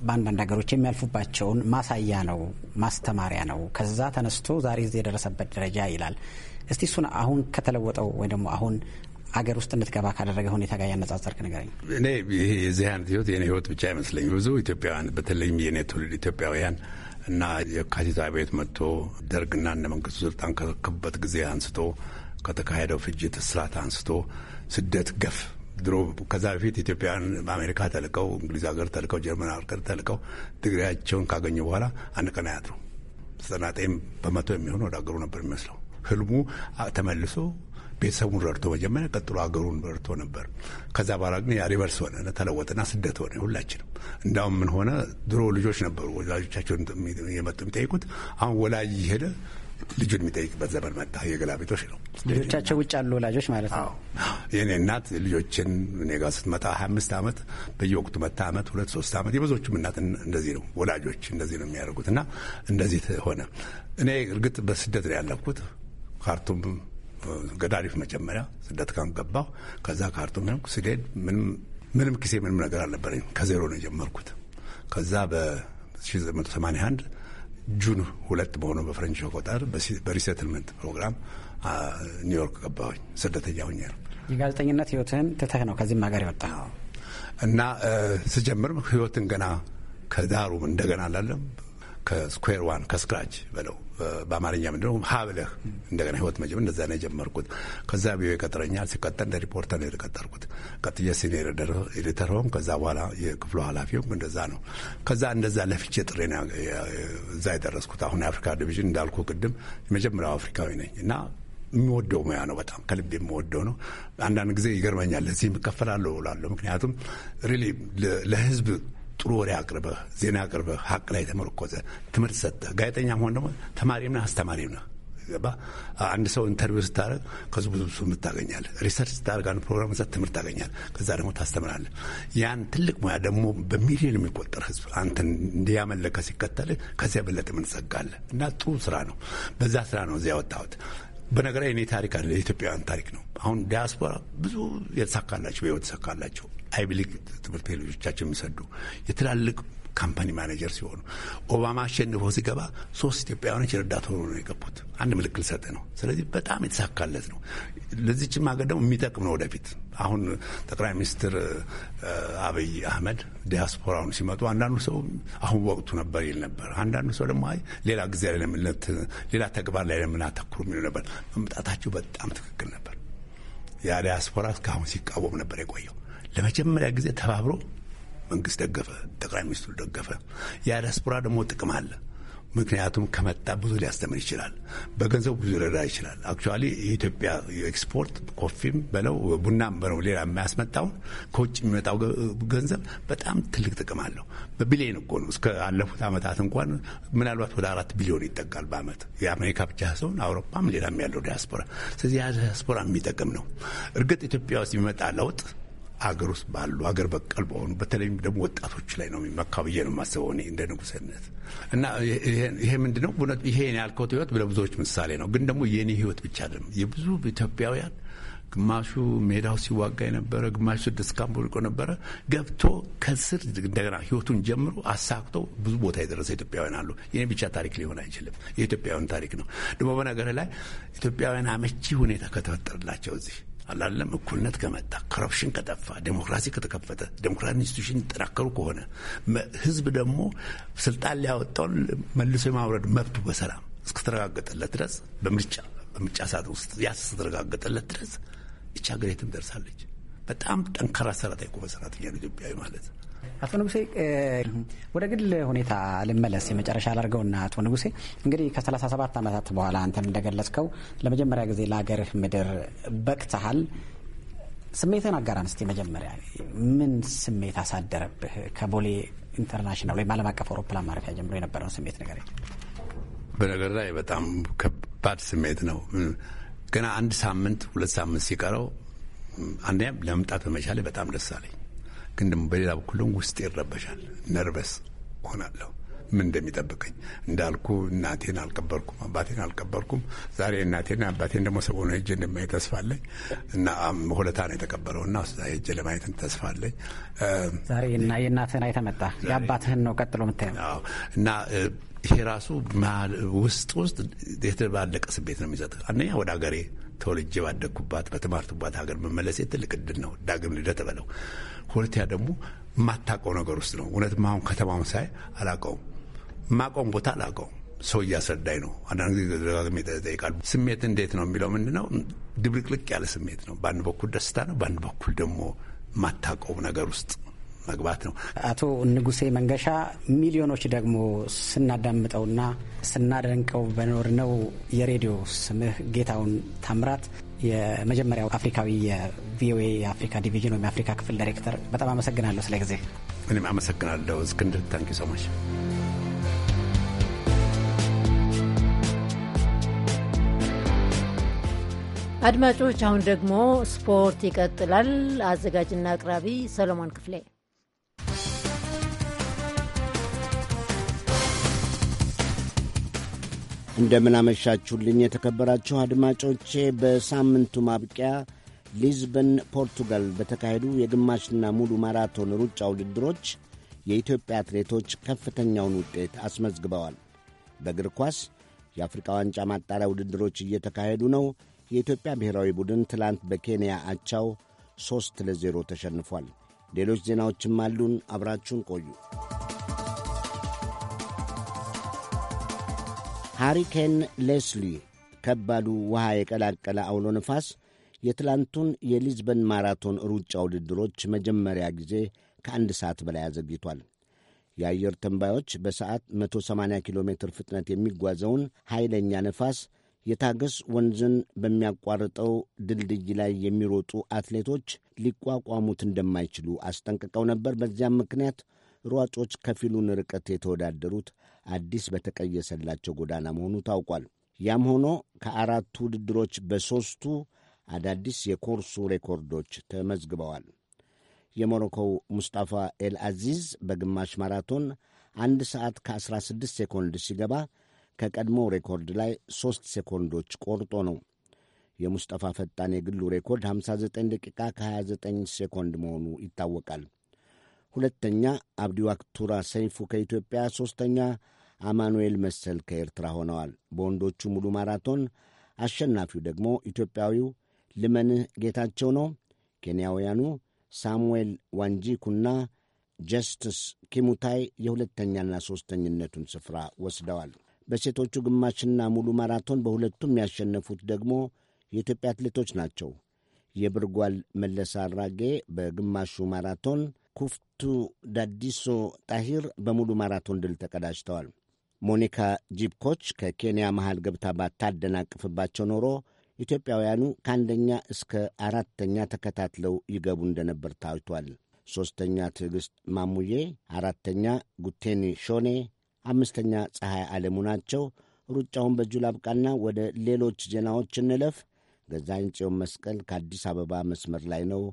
[SPEAKER 12] በአንዳንድ ሀገሮች የሚያልፉባቸውን ማሳያ ነው፣ ማስተማሪያ ነው። ከዛ ተነስቶ ዛሬ እዚህ የደረሰበት ደረጃ ይላል። እስቲ እሱን አሁን ከተለወጠው ወይ ደግሞ አሁን አገር ውስጥ እንድትገባ ካደረገ ሁኔታ ጋር ያነጻጸርክ ንገረኝ።
[SPEAKER 5] እኔ ይሄ የዚህ አይነት ህይወት የኔ ህይወት ብቻ አይመስለኝ። ብዙ ኢትዮጵያውያን በተለይም የኔ ትውልድ ኢትዮጵያውያን እና የካቲት አብዮት መጥቶ ደርግና እነ መንግስቱ ስልጣን ከረከቡበት ጊዜ አንስቶ ከተካሄደው ፍጅት፣ እስራት አንስቶ ስደት፣ ገፍ ድሮ ከዛ በፊት ኢትዮጵያን በአሜሪካ ተልቀው እንግሊዝ ሀገር ተልቀው ጀርመን ሀገር ተልቀው ትግሬያቸውን ካገኙ በኋላ አንድ ቀን አያድሩ ዘጠና በመቶ የሚሆኑ ወደ ሀገሩ ነበር የሚመስለው። ህልሙ ተመልሶ ቤተሰቡን ረድቶ መጀመሪያ ቀጥሎ ሀገሩን ረድቶ ነበር። ከዛ በኋላ ግን ያሪቨርስ ሆነ፣ ተለወጠና ስደት ሆነ። ሁላችንም እንዳውም ምን ሆነ፣ ድሮ ልጆች ነበሩ ወላጆቻቸውን የመጡ የሚጠይቁት አሁን ወላጅ ሄደ ልጁን የሚጠይቅበት ዘመን መጣ። የገላ ቤቶች ነው ልጆቻቸው ውጭ ያሉ ወላጆች ማለት ነው። የእኔ እናት ልጆችን እኔ ጋር ስትመጣ ሀያ አምስት ዓመት በየወቅቱ መታ ዓመት ሁለት ሶስት ዓመት የብዙዎቹም እናት እንደዚህ ነው፣ ወላጆች እንደዚህ ነው የሚያደርጉት እና እንደዚህ ሆነ። እኔ እርግጥ በስደት ነው ያለፍኩት ካርቱም ገዳሪፍ መጀመሪያ ስደት ካምፕ ገባሁ። ከዛ ካርቱም ስሄድ ምንም ጊዜ ምንም ነገር አልነበረኝ። ከዜሮ ነው የጀመርኩት። ከዛ በ1981 ጁን ሁለት በሆነው በፈረንጆች አቆጣጠር በሪሴትልመንት ፕሮግራም ኒውዮርክ ገባሁኝ ስደተኛ ሁኜ ነው።
[SPEAKER 12] የጋዜጠኝነት ህይወትህን ትተህ ነው ከዚህም ሀገር የወጣ
[SPEAKER 5] እና ስጀምር ህይወትን ገና ከዳሩ እንደገና አላለም ከስኩዌር ዋን ከስክራች በለው በአማርኛ ምንድነው ሀብለህ እንደገና ህይወት መጀመር እንደዛ ነው የጀመርኩት። ከዛ ቢዮ ይቀጥረኛል። ሲቀጠል እንደ ሪፖርተር ነው የተቀጠርኩት። ቀጥዬ ሲኒየር ኤዲተር ሆንኩ። ከዛ በኋላ የክፍሉ ኃላፊ ሆንኩ። እንደዛ ነው። ከዛ እንደዛ ለፍቼ ጥሬ እዛ የደረስኩት። አሁን የአፍሪካ ዲቪዥን እንዳልኩ ቅድም የመጀመሪያው አፍሪካዊ ነኝ እና የሚወደው ሙያ ነው። በጣም ከልብ የሚወደው ነው። አንዳንድ ጊዜ ይገርመኛል። ለዚህ እከፈላለሁ እላለሁ። ምክንያቱም ሪሊ ለህዝብ ጥሩ ወሬ አቅርበህ ዜና አቅርበህ ሀቅ ላይ ተመርኮዘ ትምህርት ሰጥተህ ጋዜጠኛ መሆን ደግሞ ተማሪም ነህ አስተማሪም ነህ። ገባ አንድ ሰው ኢንተርቪው ስታደርግ ከዚ ብዙ ብዙ ምታገኛል ሪሰርች ስታደርግ አንድ ፕሮግራም ሰጥ ትምህርት ታገኛል ከዛ ደግሞ ታስተምራለ ያን ትልቅ ሙያ ደግሞ በሚሊዮን የሚቆጠር ህዝብ አንተ እንዲያመለከ ሲከተል ከዚያ በለጥ ምንጸጋለህ እና ጥሩ ስራ ነው። በዛ ስራ ነው እዚያ ወጣሁት በነገራ የኔ ታሪክ አለ የኢትዮጵያውያን ታሪክ ነው። አሁን ዲያስፖራ ብዙ የተሳካላቸው በህይወት የተሳካላቸው አይቢ ሊግ ትምህርት ቤት ልጆቻቸው የሚሰዱ የትላልቅ ካምፓኒ ማኔጀር ሲሆኑ ኦባማ አሸንፎ ሲገባ ሶስት ኢትዮጵያውያኖች ረዳት ሆኖ ነው የገቡት። አንድ ምልክል ሰጥ ነው። ስለዚህ በጣም የተሳካለት ነው። ለዚችም ሀገር ደግሞ የሚጠቅም ነው ወደፊት። አሁን ጠቅላይ ሚኒስትር አብይ አህመድ ዲያስፖራውን ሲመጡ አንዳንዱ ሰው አሁን ወቅቱ ነበር ይል ነበር። አንዳንዱ ሰው ደግሞ አይ ሌላ ጊዜ ላይ ለምነት ሌላ ተግባር ላይ ለምን አተኩሩ የሚሉ ነበር። መምጣታቸው በጣም ትክክል ነበር። ያ ዲያስፖራ እስካሁን ሲቃወም ነበር የቆየው። ለመጀመሪያ ጊዜ ተባብሮ መንግስት ደገፈ፣ ጠቅላይ ሚኒስትሩ ደገፈ። ያ ዲያስፖራ ደግሞ ጥቅም አለ። ምክንያቱም ከመጣ ብዙ ሊያስተምር ይችላል። በገንዘቡ ብዙ ሊረዳ ይችላል። አክቹዋሊ የኢትዮጵያ ኤክስፖርት ኮፊም በለው ቡናም በለው ሌላ የማያስመጣውን ከውጭ የሚመጣው ገንዘብ በጣም ትልቅ ጥቅም አለው። በቢሊዮን እኮ ነው። እስከ አለፉት ዓመታት እንኳን ምናልባት ወደ አራት ቢሊዮን ይጠጋል በዓመት የአሜሪካ ብቻ ሰውን አውሮፓም ሌላም ያለው ዲያስፖራ። ስለዚህ ያ ዲያስፖራ የሚጠቅም ነው። እርግጥ ኢትዮጵያ ውስጥ የሚመጣ ለውጥ አገር ውስጥ ባሉ አገር በቀል በሆኑ በተለይም ደግሞ ወጣቶች ላይ ነው የሚመካው ብዬ ነው የማስበው እኔ እንደ ንጉሰነት እና ይሄ ምንድ ነው ይሄ ያልከውት ህይወት ለብዙዎች ምሳሌ ነው። ግን ደግሞ የእኔ ህይወት ብቻ አይደለም። የብዙ ኢትዮጵያውያን ግማሹ ሜዳው ሲዋጋ የነበረ ግማሹ ደስካምቦ ልቆ ነበረ ገብቶ ከስር እንደገና ህይወቱን ጀምሮ አሳክቶ ብዙ ቦታ የደረሰ ኢትዮጵያውያን አሉ። የኔ ብቻ ታሪክ ሊሆን አይችልም። የኢትዮጵያውያን ታሪክ ነው። ደግሞ በነገር ላይ ኢትዮጵያውያን አመቺ ሁኔታ ከተፈጠረላቸው እዚህ አላለም እኩልነት ከመጣ ኮረፕሽን ከጠፋ ዴሞክራሲ ከተከፈተ ዴሞክራሲ ኢንስቲቱሽን ይጠናከሩ ከሆነ ህዝብ ደግሞ ስልጣን ሊያወጣውን መልሶ የማውረድ መብቱ በሰላም እስከተረጋገጠለት ድረስ በምርጫ በምርጫ ሰዓት ውስጥ ያስ ድረስ ይህች ሀገር የትም ደርሳለች። በጣም ጠንካራ ሰራተኛ እኮ በሰራተኛ ኢትዮጵያዊ ማለት
[SPEAKER 12] አቶ ንጉሴ ወደ ግል ሁኔታ ልመለስ የመጨረሻ ላድርገውና፣ አቶ ንጉሴ እንግዲህ ከ37 ዓመታት በኋላ አንተም እንደገለጽከው ለመጀመሪያ ጊዜ ለሀገርህ ምድር በቅተሃል። ስሜትን አጋራን አንስቲ መጀመሪያ ምን ስሜት አሳደረብህ? ከቦሌ ኢንተርናሽናል ወይም አለም አቀፍ አውሮፕላን ማረፊያ ጀምሮ የነበረውን ስሜት ነገር።
[SPEAKER 5] በነገር ላይ በጣም ከባድ ስሜት ነው። ገና አንድ ሳምንት ሁለት ሳምንት ሲቀረው አንደኛም ለመምጣት በመቻሌ በጣም ደስ አለኝ። ግን ደግሞ በሌላ በኩል ደግሞ ውስጥ ይረበሻል፣ ነርቨስ ሆናለሁ። ምን እንደሚጠብቀኝ እንዳልኩ እናቴን አልቀበርኩም፣ አባቴን አልቀበርኩም። ዛሬ እናቴን አባቴን ደግሞ ሰሞኑን ሄጄ እንደማይ ተስፋለኝ እና ሁለታ ነው የተቀበረው እና እዛ ሄጄ ለማየት ተስፋለኝ። ዛሬ እና የእናትህን አይተመጣ
[SPEAKER 12] የአባትህን ነው ቀጥሎ የምታየው
[SPEAKER 5] እና ይሄ ራሱ ውስጥ ውስጥ የተባለቀ ስሜት ነው የሚሰጥ። አንደኛ ወደ ሀገሬ ተወልጄ ባደግኩባት በተማርኩባት ሀገር መመለሴ ትልቅ እድል ነው። ዳግም ልደት በለው። ሁለተኛ ደግሞ የማታውቀው ነገር ውስጥ ነው። እውነትም አሁን ከተማውን ሳይ አላውቀውም፣ የማውቀውም ቦታ አላውቀውም። ሰው እያስረዳኝ ነው። አንዳንድ ጊዜ ደጋግሜ ጠይቃሉ። ስሜት እንዴት ነው የሚለው ምንድን ነው? ድብልቅልቅ ያለ ስሜት ነው። በአንድ በኩል ደስታ ነው፣ በአንድ በኩል ደግሞ የማታውቀው ነገር ውስጥ መግባት ነው። አቶ ንጉሴ
[SPEAKER 12] መንገሻ ሚሊዮኖች ደግሞ ስናዳምጠውና ስናደንቀው በኖር ነው የሬዲዮ ስምህ ጌታውን ታምራት የመጀመሪያው አፍሪካዊ የቪኦኤ የአፍሪካ ዲቪዥን ወይም የአፍሪካ ክፍል ዳይሬክተር፣ በጣም አመሰግናለሁ ስለ ጊዜ።
[SPEAKER 5] እኔም አመሰግናለሁ እስክንድር። ታንኪ ሶማች።
[SPEAKER 2] አድማጮች፣ አሁን ደግሞ ስፖርት ይቀጥላል። አዘጋጅና አቅራቢ ሰሎሞን ክፍሌ
[SPEAKER 14] እንደምናመሻችሁልኝ የተከበራችሁ አድማጮቼ በሳምንቱ ማብቂያ ሊዝበን ፖርቱጋል በተካሄዱ የግማሽና ሙሉ ማራቶን ሩጫ ውድድሮች የኢትዮጵያ አትሌቶች ከፍተኛውን ውጤት አስመዝግበዋል። በእግር ኳስ የአፍሪቃ ዋንጫ ማጣሪያ ውድድሮች እየተካሄዱ ነው። የኢትዮጵያ ብሔራዊ ቡድን ትላንት በኬንያ አቻው ሦስት ለዜሮ ተሸንፏል። ሌሎች ዜናዎችም አሉን። አብራችሁን ቆዩ። ሃሪኬን ሌስሊ ከባዱ ውሃ የቀላቀለ አውሎ ነፋስ የትላንቱን የሊዝበን ማራቶን ሩጫ ውድድሮች መጀመሪያ ጊዜ ከአንድ ሰዓት በላይ አዘግይቷል። የአየር ተንባዮች በሰዓት 180 ኪሎ ሜትር ፍጥነት የሚጓዘውን ኃይለኛ ነፋስ የታገስ ወንዝን በሚያቋርጠው ድልድይ ላይ የሚሮጡ አትሌቶች ሊቋቋሙት እንደማይችሉ አስጠንቅቀው ነበር። በዚያም ምክንያት ሯጮች ከፊሉን ርቀት የተወዳደሩት አዲስ በተቀየሰላቸው ጎዳና መሆኑ ታውቋል። ያም ሆኖ ከአራቱ ውድድሮች በሦስቱ አዳዲስ የኮርሱ ሬኮርዶች ተመዝግበዋል። የሞሮኮው ሙስጣፋ ኤልአዚዝ በግማሽ ማራቶን አንድ ሰዓት ከ16 ሴኮንድ ሲገባ ከቀድሞው ሬኮርድ ላይ ሦስት ሴኮንዶች ቆርጦ ነው። የሙስጠፋ ፈጣን የግሉ ሬኮርድ 59 ደቂቃ ከ29 ሴኮንድ መሆኑ ይታወቃል። ሁለተኛ አብዲዋክቱራ ሰይፉ ከኢትዮጵያ፣ ሦስተኛ አማኑኤል መሰል ከኤርትራ ሆነዋል። በወንዶቹ ሙሉ ማራቶን አሸናፊው ደግሞ ኢትዮጵያዊው ልመንህ ጌታቸው ነው። ኬንያውያኑ ሳሙኤል ዋንጂኩና ጀስትስ ኪሙታይ የሁለተኛና ሦስተኝነቱን ስፍራ ወስደዋል። በሴቶቹ ግማሽና ሙሉ ማራቶን በሁለቱም ያሸነፉት ደግሞ የኢትዮጵያ አትሌቶች ናቸው። የብርጓል መለሳ አራጌ በግማሹ ማራቶን፣ ኩፍቱ ዳዲሶ ጣሂር በሙሉ ማራቶን ድል ተቀዳጅተዋል። ሞኒካ ጂፕኮች ከኬንያ መሃል ገብታ ባታደናቅፍባቸው ኖሮ ኢትዮጵያውያኑ ከአንደኛ እስከ አራተኛ ተከታትለው ይገቡ እንደነበር ታይቷል። ሦስተኛ ትዕግሥት ማሙዬ፣ አራተኛ ጉቴኒ ሾኔ፣ አምስተኛ ፀሐይ ዓለሙ ናቸው። ሩጫውን በእጁ ላብቃና ወደ ሌሎች ዜናዎች እንለፍ። ገዛኝ ጽዮን መስቀል ከአዲስ አበባ መስመር ላይ ነው።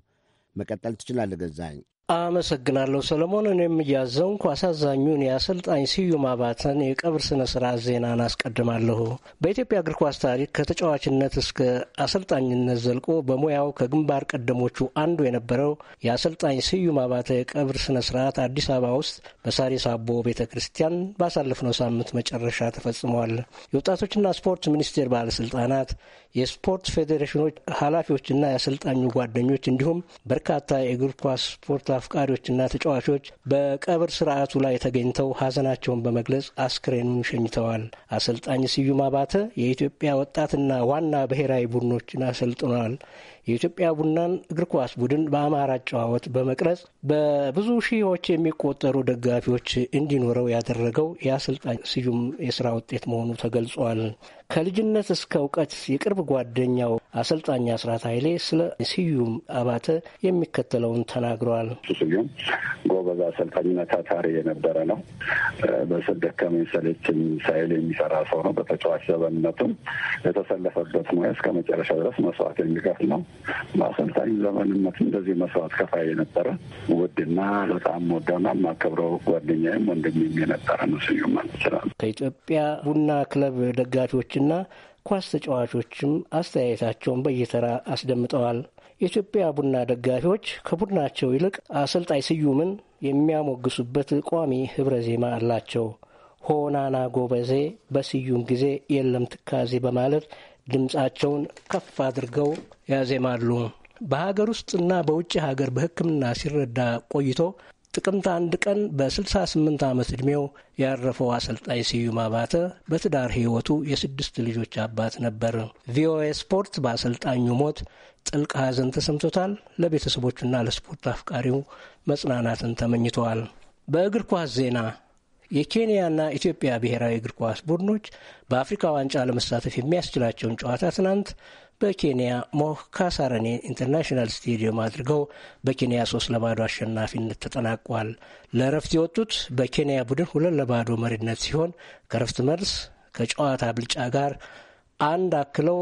[SPEAKER 14] መቀጠል ትችላለህ ገዛኝ።
[SPEAKER 11] አመሰግናለሁ ሰለሞን። እኔም እያዘንኩ አሳዛኙን የአሰልጣኝ ስዩም አባተን የቀብር ስነ ስርዓት ዜናን አስቀድማለሁ። በኢትዮጵያ እግር ኳስ ታሪክ ከተጫዋችነት እስከ አሰልጣኝነት ዘልቆ በሙያው ከግንባር ቀደሞቹ አንዱ የነበረው የአሰልጣኝ ስዩም አባተ የቀብር ስነ ስርዓት አዲስ አበባ ውስጥ በሳሪስ አቦ ቤተ ክርስቲያን ባሳለፍነው ሳምንት መጨረሻ ተፈጽመዋል። የወጣቶችና ስፖርት ሚኒስቴር ባለስልጣናት የስፖርት ፌዴሬሽኖች ኃላፊዎችና የአሰልጣኙ ጓደኞች እንዲሁም በርካታ የእግር ኳስ ስፖርት አፍቃሪዎችና ተጫዋቾች በቀብር ስርዓቱ ላይ ተገኝተው ሀዘናቸውን በመግለጽ አስክሬኑን ሸኝተዋል። አሰልጣኝ ስዩም አባተ የኢትዮጵያ ወጣትና ዋና ብሔራዊ ቡድኖችን አሰልጥነዋል። የኢትዮጵያ ቡናን እግር ኳስ ቡድን በአማራ ጨዋወት በመቅረጽ በብዙ ሺዎች የሚቆጠሩ ደጋፊዎች እንዲኖረው ያደረገው የአሰልጣኝ ስዩም የስራ ውጤት መሆኑ ተገልጿል። ከልጅነት እስከ እውቀት የቅርብ ጓደኛው አሰልጣኝ አስራት ኃይሌ ስለ ስዩም አባተ የሚከተለውን ተናግረዋል።
[SPEAKER 3] ስዩም ጎበዝ አሰልጣኝና ታታሪ የነበረ ነው። በስል ደከመኝ ሰለቸኝ ሳይል የሚሰራ ሰው ነው። በተጫዋች ዘመንነቱም የተሰለፈበት ሙያ እስከ መጨረሻ ድረስ መስዋዕት የሚከፍል ነው። በአሰልጣኝ ዘመንነት እንደዚህ መስዋዕት ከፋይ የነበረ ውድና በጣም ወዳና ማከብረው ጓደኛዬም ወንድሜም የነበረ ነው። ስዩም ማለት ይችላል።
[SPEAKER 11] ከኢትዮጵያ ቡና ክለብ ደጋፊዎች ተጫዋቾችና ኳስ ተጫዋቾችም አስተያየታቸውን በየተራ አስደምጠዋል። የኢትዮጵያ ቡና ደጋፊዎች ከቡድናቸው ይልቅ አሰልጣኝ ስዩምን የሚያሞግሱበት ቋሚ ህብረ ዜማ አላቸው። ሆናና ጎበዜ በስዩም ጊዜ የለም ትካዜ በማለት ድምፃቸውን ከፍ አድርገው ያዜማሉ። በሀገር ውስጥና በውጭ ሀገር በሕክምና ሲረዳ ቆይቶ ጥቅምት አንድ ቀን በ68 ዓመት ዕድሜው ያረፈው አሰልጣኝ ስዩም አባተ በትዳር ሕይወቱ የስድስት ልጆች አባት ነበር። ቪኦኤ ስፖርት በአሰልጣኙ ሞት ጥልቅ ሐዘን ተሰምቶታል። ለቤተሰቦቹና ለስፖርት አፍቃሪው መጽናናትን ተመኝተዋል። በእግር ኳስ ዜና የኬንያና ኢትዮጵያ ብሔራዊ እግር ኳስ ቡድኖች በአፍሪካ ዋንጫ ለመሳተፍ የሚያስችላቸውን ጨዋታ ትናንት በኬንያ ሞካሳረኔ ኢንተርናሽናል ስቴዲየም አድርገው በኬንያ ሶስት ለባዶ አሸናፊነት ተጠናቋል። ለእረፍት የወጡት በኬንያ ቡድን ሁለት ለባዶ መሪነት ሲሆን ከእረፍት መልስ ከጨዋታ ብልጫ ጋር አንድ አክለው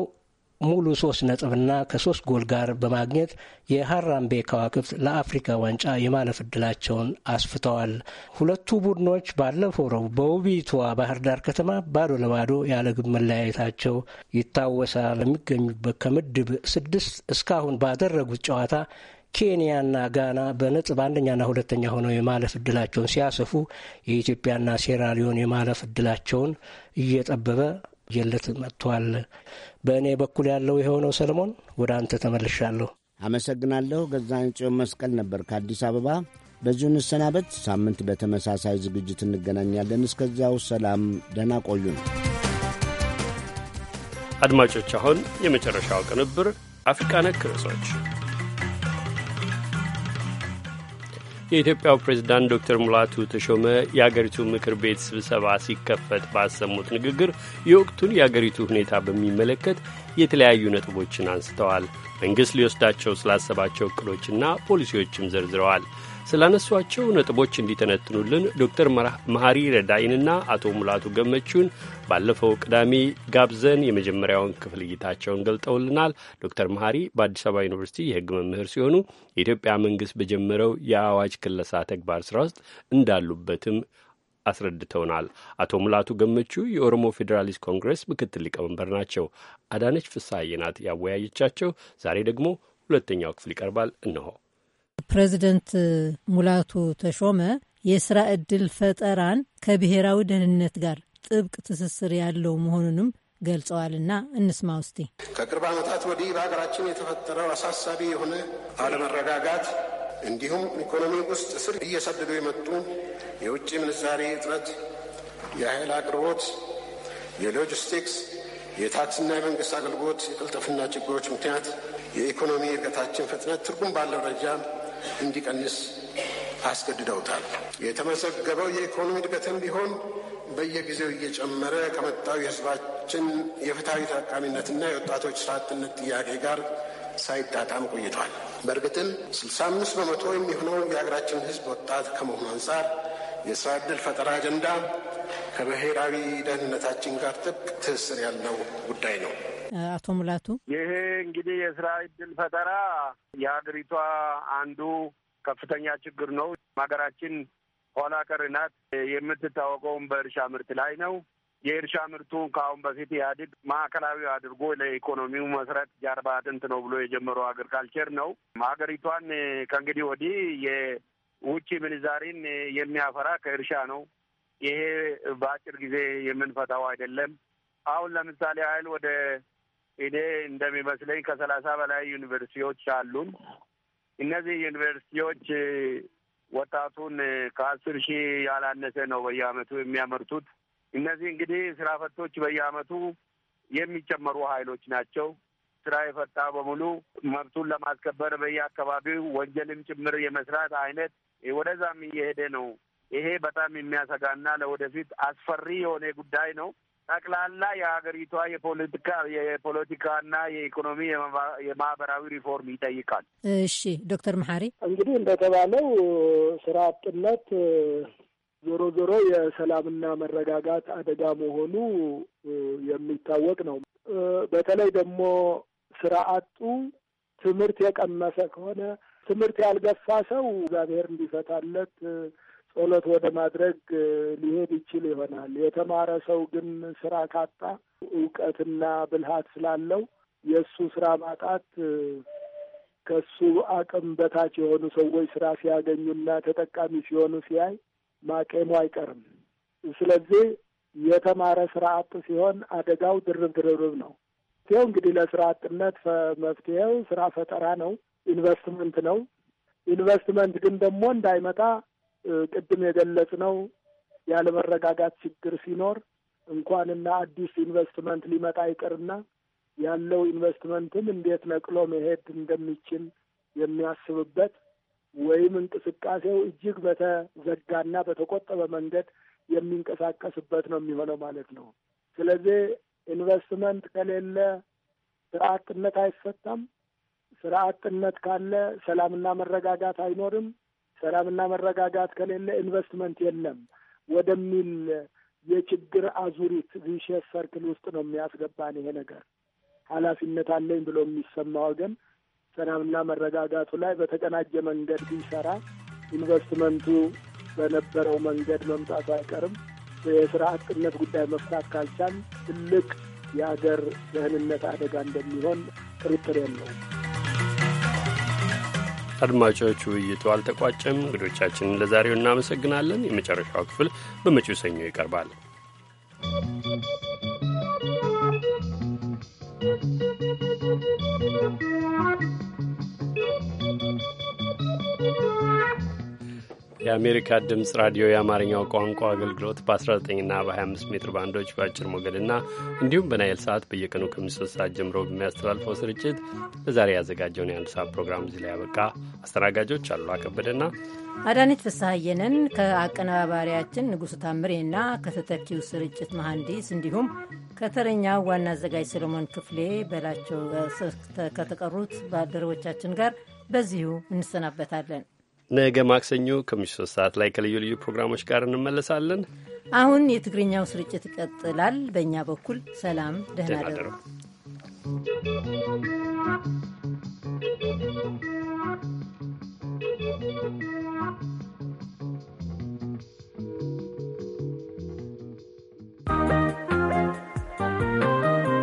[SPEAKER 11] ሙሉ ሶስት ነጥብና ከሶስት ጎል ጋር በማግኘት የሀራምቤ ከዋክብት ለአፍሪካ ዋንጫ የማለፍ እድላቸውን አስፍተዋል። ሁለቱ ቡድኖች ባለፈው ረቡዕ በውቢቷ ባህር ዳር ከተማ ባዶ ለባዶ ያለ ግብ መለያየታቸው ይታወሳል። የሚገኙበት ከምድብ ስድስት እስካሁን ባደረጉት ጨዋታ ኬንያና ጋና በነጥብ አንደኛና ሁለተኛ ሆነው የማለፍ እድላቸውን ሲያሰፉ የኢትዮጵያና ሴራሊዮን የማለፍ እድላቸውን እየጠበበ የለት
[SPEAKER 14] መጥቷል። በእኔ በኩል ያለው የሆነው ሰለሞን፣ ወደ አንተ ተመልሻለሁ። አመሰግናለሁ። ገዛኝ ጽዮን መስቀል ነበር ከአዲስ አበባ። በዚሁ እንሰናበት። ሳምንት በተመሳሳይ ዝግጅት እንገናኛለን። እስከዚያው ሰላም፣ ደህና ቆዩን
[SPEAKER 1] አድማጮች። አሁን የመጨረሻው ቅንብር አፍሪካ ነክ ርዕሶች የኢትዮጵያው ፕሬዝዳንት ዶክተር ሙላቱ ተሾመ የአገሪቱ ምክር ቤት ስብሰባ ሲከፈት ባሰሙት ንግግር የወቅቱን የአገሪቱ ሁኔታ በሚመለከት የተለያዩ ነጥቦችን አንስተዋል። መንግሥት ሊወስዳቸው ስላሰባቸው እቅዶችና ፖሊሲዎችም ዘርዝረዋል። ስላነሷቸው ነጥቦች እንዲተነትኑልን ዶክተር መሐሪ ረዳይንና አቶ ሙላቱ ገመቹን ባለፈው ቅዳሜ ጋብዘን የመጀመሪያውን ክፍል እይታቸውን ገልጠውልናል። ዶክተር መሐሪ በአዲስ አበባ ዩኒቨርሲቲ የሕግ መምህር ሲሆኑ የኢትዮጵያ መንግስት በጀመረው የአዋጅ ክለሳ ተግባር ስራ ውስጥ እንዳሉበትም አስረድተውናል። አቶ ሙላቱ ገመቹ የኦሮሞ ፌዴራሊስት ኮንግረስ ምክትል ሊቀመንበር ናቸው። አዳነች ፍስሐዬ ናት ያወያየቻቸው። ዛሬ ደግሞ ሁለተኛው ክፍል ይቀርባል። እንሆ
[SPEAKER 2] ፕሬዚደንት ሙላቱ ተሾመ የስራ ዕድል ፈጠራን ከብሔራዊ ደህንነት ጋር ጥብቅ ትስስር ያለው መሆኑንም ገልጸዋልና እንስማ ውስቲ
[SPEAKER 15] ከቅርብ ዓመታት ወዲህ በሀገራችን የተፈጠረው አሳሳቢ የሆነ አለመረጋጋት እንዲሁም ኢኮኖሚ ውስጥ ስር እየሰደዱ የመጡ የውጭ ምንዛሬ እጥረት፣ የኃይል አቅርቦት፣ የሎጂስቲክስ፣ የታክስና የመንግስት አገልግሎት የቅልጥፍና ችግሮች ምክንያት የኢኮኖሚ እድገታችን ፍጥነት ትርጉም ባለው ደረጃ እንዲቀንስ አስገድደውታል። የተመዘገበው የኢኮኖሚ እድገትም ቢሆን በየጊዜው እየጨመረ ከመጣው የሕዝባችን የፍትሐዊ ተጠቃሚነትና የወጣቶች ስራ አጥነት ጥያቄ ጋር ሳይጣጣም ቆይቷል። በእርግጥም 65 በመቶ የሚሆነው የሀገራችን ሕዝብ ወጣት ከመሆኑ አንጻር የስራ ዕድል ፈጠራ አጀንዳ ከብሔራዊ ደህንነታችን ጋር ጥብቅ ትስስር ያለው ጉዳይ ነው። አቶ ሙላቱ? ይሄ እንግዲህ የስራ እድል ፈጠራ የሀገሪቷ አንዱ ከፍተኛ ችግር ነው። ሀገራችን ኋላ ቀር ናት። በእርሻ ምርት ላይ ነው። የእርሻ ምርቱን ከአሁን በፊት ኢህአዴግ ማዕከላዊ አድርጎ ለኢኮኖሚው መሰረት ጀርባ አጥንት ነው ብሎ የጀመረው አግሪካልቸር ነው። ሀገሪቷን ከእንግዲህ ወዲህ የውጭ ምንዛሬን የሚያፈራ ከእርሻ ነው። ይሄ በአጭር ጊዜ የምንፈታው አይደለም። አሁን ለምሳሌ ኃይል ወደ እኔ እንደሚመስለኝ ከሰላሳ በላይ ዩኒቨርሲቲዎች አሉን። እነዚህ ዩኒቨርሲቲዎች ወጣቱን ከአስር ሺህ ያላነሰ ነው በየአመቱ የሚያመርቱት። እነዚህ እንግዲህ ስራ ፈቶች በየአመቱ የሚጨመሩ ሀይሎች ናቸው። ስራ የፈታ በሙሉ መብቱን ለማስከበር በየአካባቢው ወንጀልም ጭምር የመስራት አይነት ወደዛም እየሄደ ነው። ይሄ በጣም የሚያሰጋና ለወደፊት አስፈሪ የሆነ ጉዳይ ነው። ጠቅላላ የሀገሪቷ የፖለቲካ የፖለቲካና የኢኮኖሚ የማህበራዊ ሪፎርም ይጠይቃል።
[SPEAKER 2] እሺ ዶክተር መሐሪ
[SPEAKER 16] እንግዲህ እንደተባለው ስራ አጥነት ዞሮ ዞሮ የሰላምና መረጋጋት አደጋ መሆኑ የሚታወቅ ነው። በተለይ ደግሞ ስራ አጡ ትምህርት የቀመሰ ከሆነ ትምህርት ያልገፋ ሰው እግዚአብሔር እንዲፈታለት ጸሎት ወደ ማድረግ ሊሄድ ይችል ይሆናል። የተማረ ሰው ግን ስራ ካጣ እውቀትና ብልሃት ስላለው የእሱ ስራ ማጣት ከሱ አቅም በታች የሆኑ ሰዎች ስራ ሲያገኙና ተጠቃሚ ሲሆኑ ሲያይ ማቄሙ አይቀርም። ስለዚህ የተማረ ስራ አጥ ሲሆን አደጋው ድርብ ድርብ ነው። ይኸው እንግዲህ ለስራ አጥነት መፍትሄው ስራ ፈጠራ ነው፣ ኢንቨስትመንት ነው። ኢንቨስትመንት ግን ደግሞ እንዳይመጣ ቅድም የገለጽ ነው ያለመረጋጋት ችግር ሲኖር እንኳንና አዲስ ኢንቨስትመንት ሊመጣ ይቅርና ያለው ኢንቨስትመንትም እንዴት ነቅሎ መሄድ እንደሚችል የሚያስብበት ወይም እንቅስቃሴው እጅግ በተዘጋና በተቆጠበ መንገድ የሚንቀሳቀስበት ነው የሚሆነው ማለት ነው። ስለዚህ ኢንቨስትመንት ከሌለ ስራ አጥነት አይፈታም። ስራ አጥነት ካለ ሰላምና መረጋጋት አይኖርም። ሰላምና መረጋጋት ከሌለ ኢንቨስትመንት የለም ወደሚል የችግር አዙሪት ቪሸስ ሰርክል ውስጥ ነው የሚያስገባን ይሄ ነገር። ኃላፊነት አለኝ ብሎ የሚሰማ ወገን ሰላምና መረጋጋቱ ላይ በተቀናጀ መንገድ ቢሰራ ኢንቨስትመንቱ በነበረው መንገድ መምጣቱ አይቀርም። የስራ አጥነት ጉዳይ መፍታት ካልቻል ትልቅ የአገር ደህንነት አደጋ እንደሚሆን ጥርጥር የለውም።
[SPEAKER 1] አድማጮች፣ ውይይቱ አልተቋጨም። እንግዶቻችንን ለዛሬው እናመሰግናለን። የመጨረሻው ክፍል በመጪው ሰኞ ይቀርባል። የአሜሪካ ድምፅ ራዲዮ የአማርኛው ቋንቋ አገልግሎት በ19ና በ25 ሜትር ባንዶች በአጭር ሞገድና እንዲሁም በናይል ሰዓት በየቀኑ ከምሽቱ ሰዓት ጀምሮ በሚያስተላልፈው ስርጭት በዛሬ ያዘጋጀውን የአንድ ሰዓት ፕሮግራም እዚህ ላይ ያበቃ። አስተናጋጆች አሉ አከበደና
[SPEAKER 2] አዳኒት ፍስሐየንን ከአቀነባባሪያችን ንጉሥ ታምሬና ከተተኪው ስርጭት መሐንዲስ እንዲሁም ከተረኛው ዋና አዘጋጅ ሰሎሞን ክፍሌ በላቸው ከተቀሩት ባልደረቦቻችን ጋር በዚሁ እንሰናበታለን።
[SPEAKER 1] ነገ ማክሰኞ ከምሽቱ ሶስት ሰዓት ላይ ከልዩ ልዩ ፕሮግራሞች ጋር እንመለሳለን።
[SPEAKER 2] አሁን የትግርኛው ስርጭት ይቀጥላል። በእኛ በኩል ሰላም፣ ደህና ደሩ።